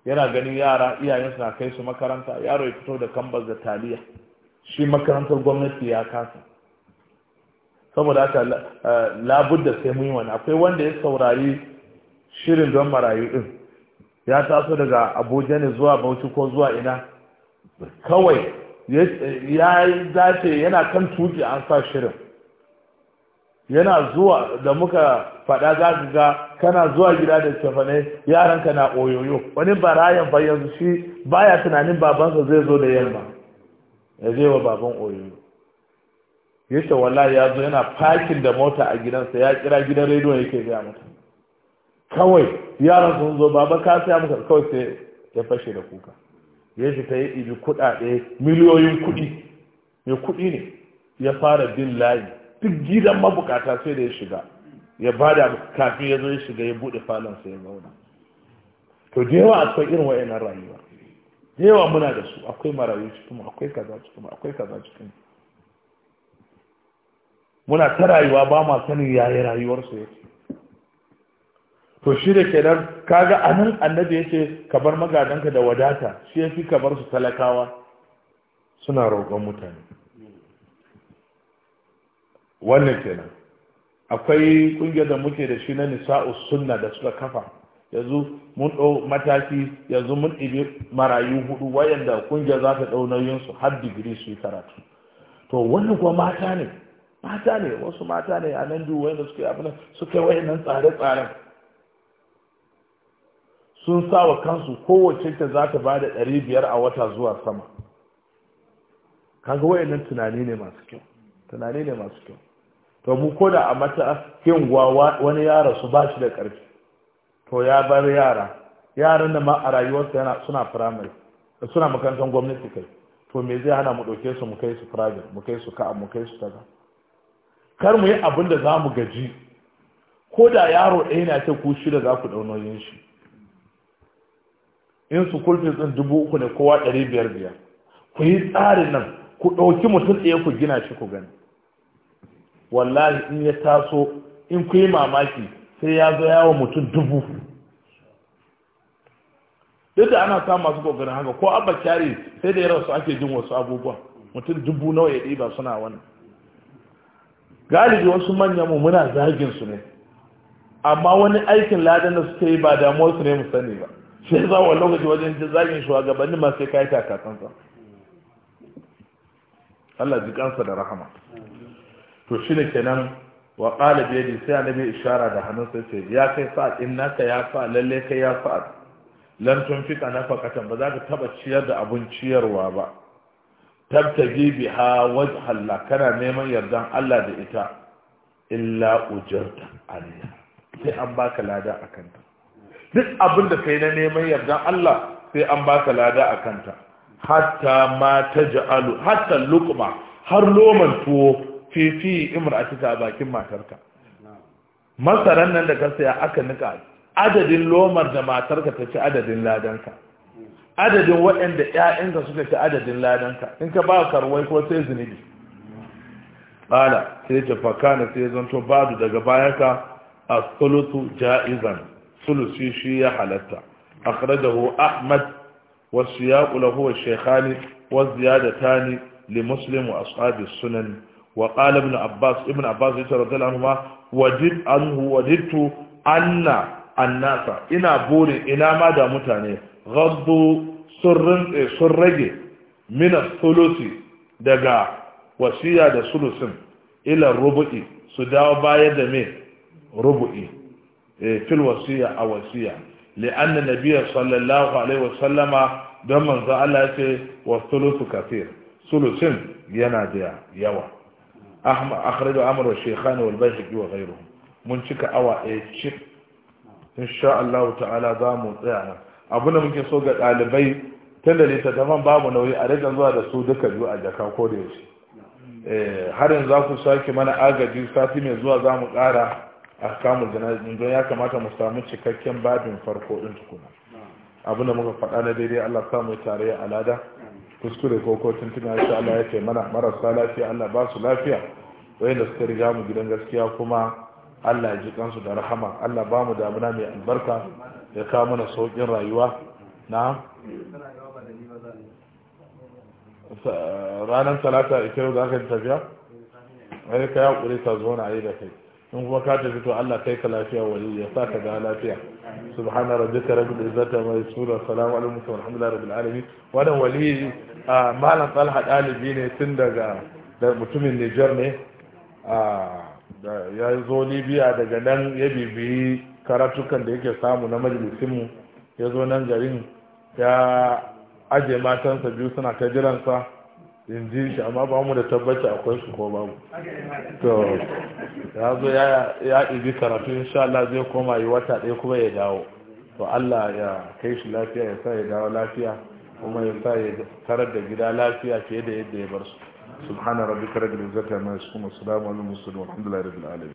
yana ganin yara iyayen suna kai su makaranta yaro ya fito da kambas da taliya shi makarantar gwamnati ya kasa saboda haka eh, da sai mu akwai wanda ya saurari shirin don marayu din ya taso daga abuja ne zuwa bauchi ko zuwa ina kawai ya zace yana kan tuki an sa shirin yana zuwa da muka faɗa za ka ga kana zuwa gida da cefane yaranka na oyoyo wani barayan fa yanzu shi baya tunanin babansa zai zo da yamma ya zai wa baban oyoyo ya ce ya zo yana fakin da mota a gidansa ya kira gidan rediyo yake gaya mata kawai yaran sun zo baba ka saya maka kawai sai ya fashe da kuka ya ta yi ibi kuɗaɗe miliyoyin kuɗi mai kuɗi ne ya fara bin layi duk gidan mabukata sai da ya shiga ya ba da kafin ya zo ya shiga ya bude falon sai ya zauna to da yawa akwai irin wayannan rayuwa da yawa muna da su akwai marayu cikin akwai kaza cikin akwai kaza cikin muna ta rayuwa ba ma sanin yaya rayuwar su yake to shi da kenan kaga anan annabi yace ka bar magadanka da wadata shi yafi ka bar su talakawa suna roƙon mutane wannan kenan akwai kungiyar da muke da shi na nisa'u sunna da suka kafa yanzu mun ɗau mataki yanzu mun ɗibi marayu hudu wayanda kungiyar za ta ɗau nauyinsu har digiri su yi karatu to wannan kuwa mata ne mata ne wasu mata ne a nan duk wayanda suke abin suke wayannan tsare-tsaren sun sa wa kansu kowace ta za ta ba da ɗari biyar a wata zuwa sama kaga wayannan tunani ne masu kyau tunani ne masu kyau to mu koda a mata hinguwa wani yara su ba shi da ƙarfi to ya bar yara yaran da ma a rayuwarsa yana suna firamare suna makarantar gwamnati kai to me zai hana mu ɗauke su mu kai su private mu kai su ka'a mu kai su kaza kar mu yi abin da za mu gaji ko da yaro ɗaya na ce ku shida za ku yin shi in su kulfin ɗin dubu uku ne kowa ɗari biyar biyar ku yi tsarin nan ku ɗauki mutum ɗaya ku gina shi ku gani wallahi in ya taso in ku yi mamaki sai ya zo yawon mutum dubu duk da ana samun masu kokarin haka ko abba kyari sai da ya rasu ake jin wasu abubuwa mutum dubu nawa ya ɗiba suna wannan galibi wasu manyan mu muna zagin su ne amma wani aikin ladan da suke yi ba damuwar su ne mu sani ba sai za wa lokaci wajen zagin shugabanni ma sai kai takasansa Allah ji kansa da rahama to shi ne kenan wa qala bi yadi sai annabi ishara da hannunsa ce ya kai sa'ad innaka ya fa lalle kai ya sa'ad lan tunfika nafaqatan ba za ka taba ciyar da abun ciyarwa ba tabtaji biha wajhalla kana neman yardan Allah da ita illa ujarta alaiha sai an baka lada akan ta duk abin da kai na neman yardan Allah sai an baka lada akan ta hatta ma taj'alu hatta luqma har loman tuwo fifi imra'ati a bakin matarka masaran nan da ka saya aka nika adadin lomar da matarka ta ci adadin ladanka adadin waɗanda ƴaƴanka suka ci adadin ladanka in ka ba karwai ko sai zunubi qala sai ce fakana sai zanto badu daga baya ka as-sulutu ja'izan sulusi shi ya halatta akhrajahu ahmad wa siyaqu lahu wa shaykhani wa ni li muslim wa sunan wa qala ibn abbas ibn abbas ya tsara dal anuma wajid anhu annasa ina burin ina ma da mutane ghaddu surrin sun rage min sulusi daga wasiya da sulusin ilan rubu'i su dawo baya da me rubu'i eh, fil a wasiya لأن النبي صلى الله عليه وسلم دمن زعلت والثلث كثير ثلث ينادي يوا akhrajahu Amar wa shaykhan wal bayhaqi wa ghayruhum mun cika awa a cif insha Allah ta'ala za mu tsaya nan abin da muke so ga ɗalibai tun da littattafan babu nauyi a rika zuwa da su duka biyu a jaka ko da yaushe har yanzu za ku sake mana agaji safi mai zuwa za mu ƙara a kamun jana'izin don ya kamata mu samu cikakken babin farko ɗin tukuna abin muka faɗa na daidai Allah samu tare a lada kuskure ko ko tuntuna shi Allah ya ce mana marasa lafiya Allah ba su lafiya wayanda suka riga mu gidan gaskiya kuma Allah ya ji kansu da rahama Allah ba mu damuna mai albarka ya kawo mana saukin rayuwa na ranar talata ita yau za ka tafiya wani ka ya kure ta zo na yi da kai in kuma ka tafi to Allah kai ka lafiya wani ya sa ka ga lafiya subhana rabbika rabbil izzati wa yasura salamu alaikum wa rahmatullahi wa alamin wannan wali malam talha ɗalibi ne tun daga mutumin niger ne ya zo libya daga nan ya bibiyi karatukan da yake samu na majalisinmu ya zo nan garin ya aje matansa biyu suna ta jiransa in ji shi amma ba mu da tabbaci akwai su ko babu to ya zo ya ibi karatu insha Allah zai koma yi wata ɗaya kuma ya dawo to Allah ya kai shi lafiya ya sa ya dawo lafiya kuma ya sa ya tarar da gida lafiya fiye da yadda ya bar su subhana rabbika rabbil izzati amma yasifun wa salamun alal mursalin walhamdulillahi rabbil alamin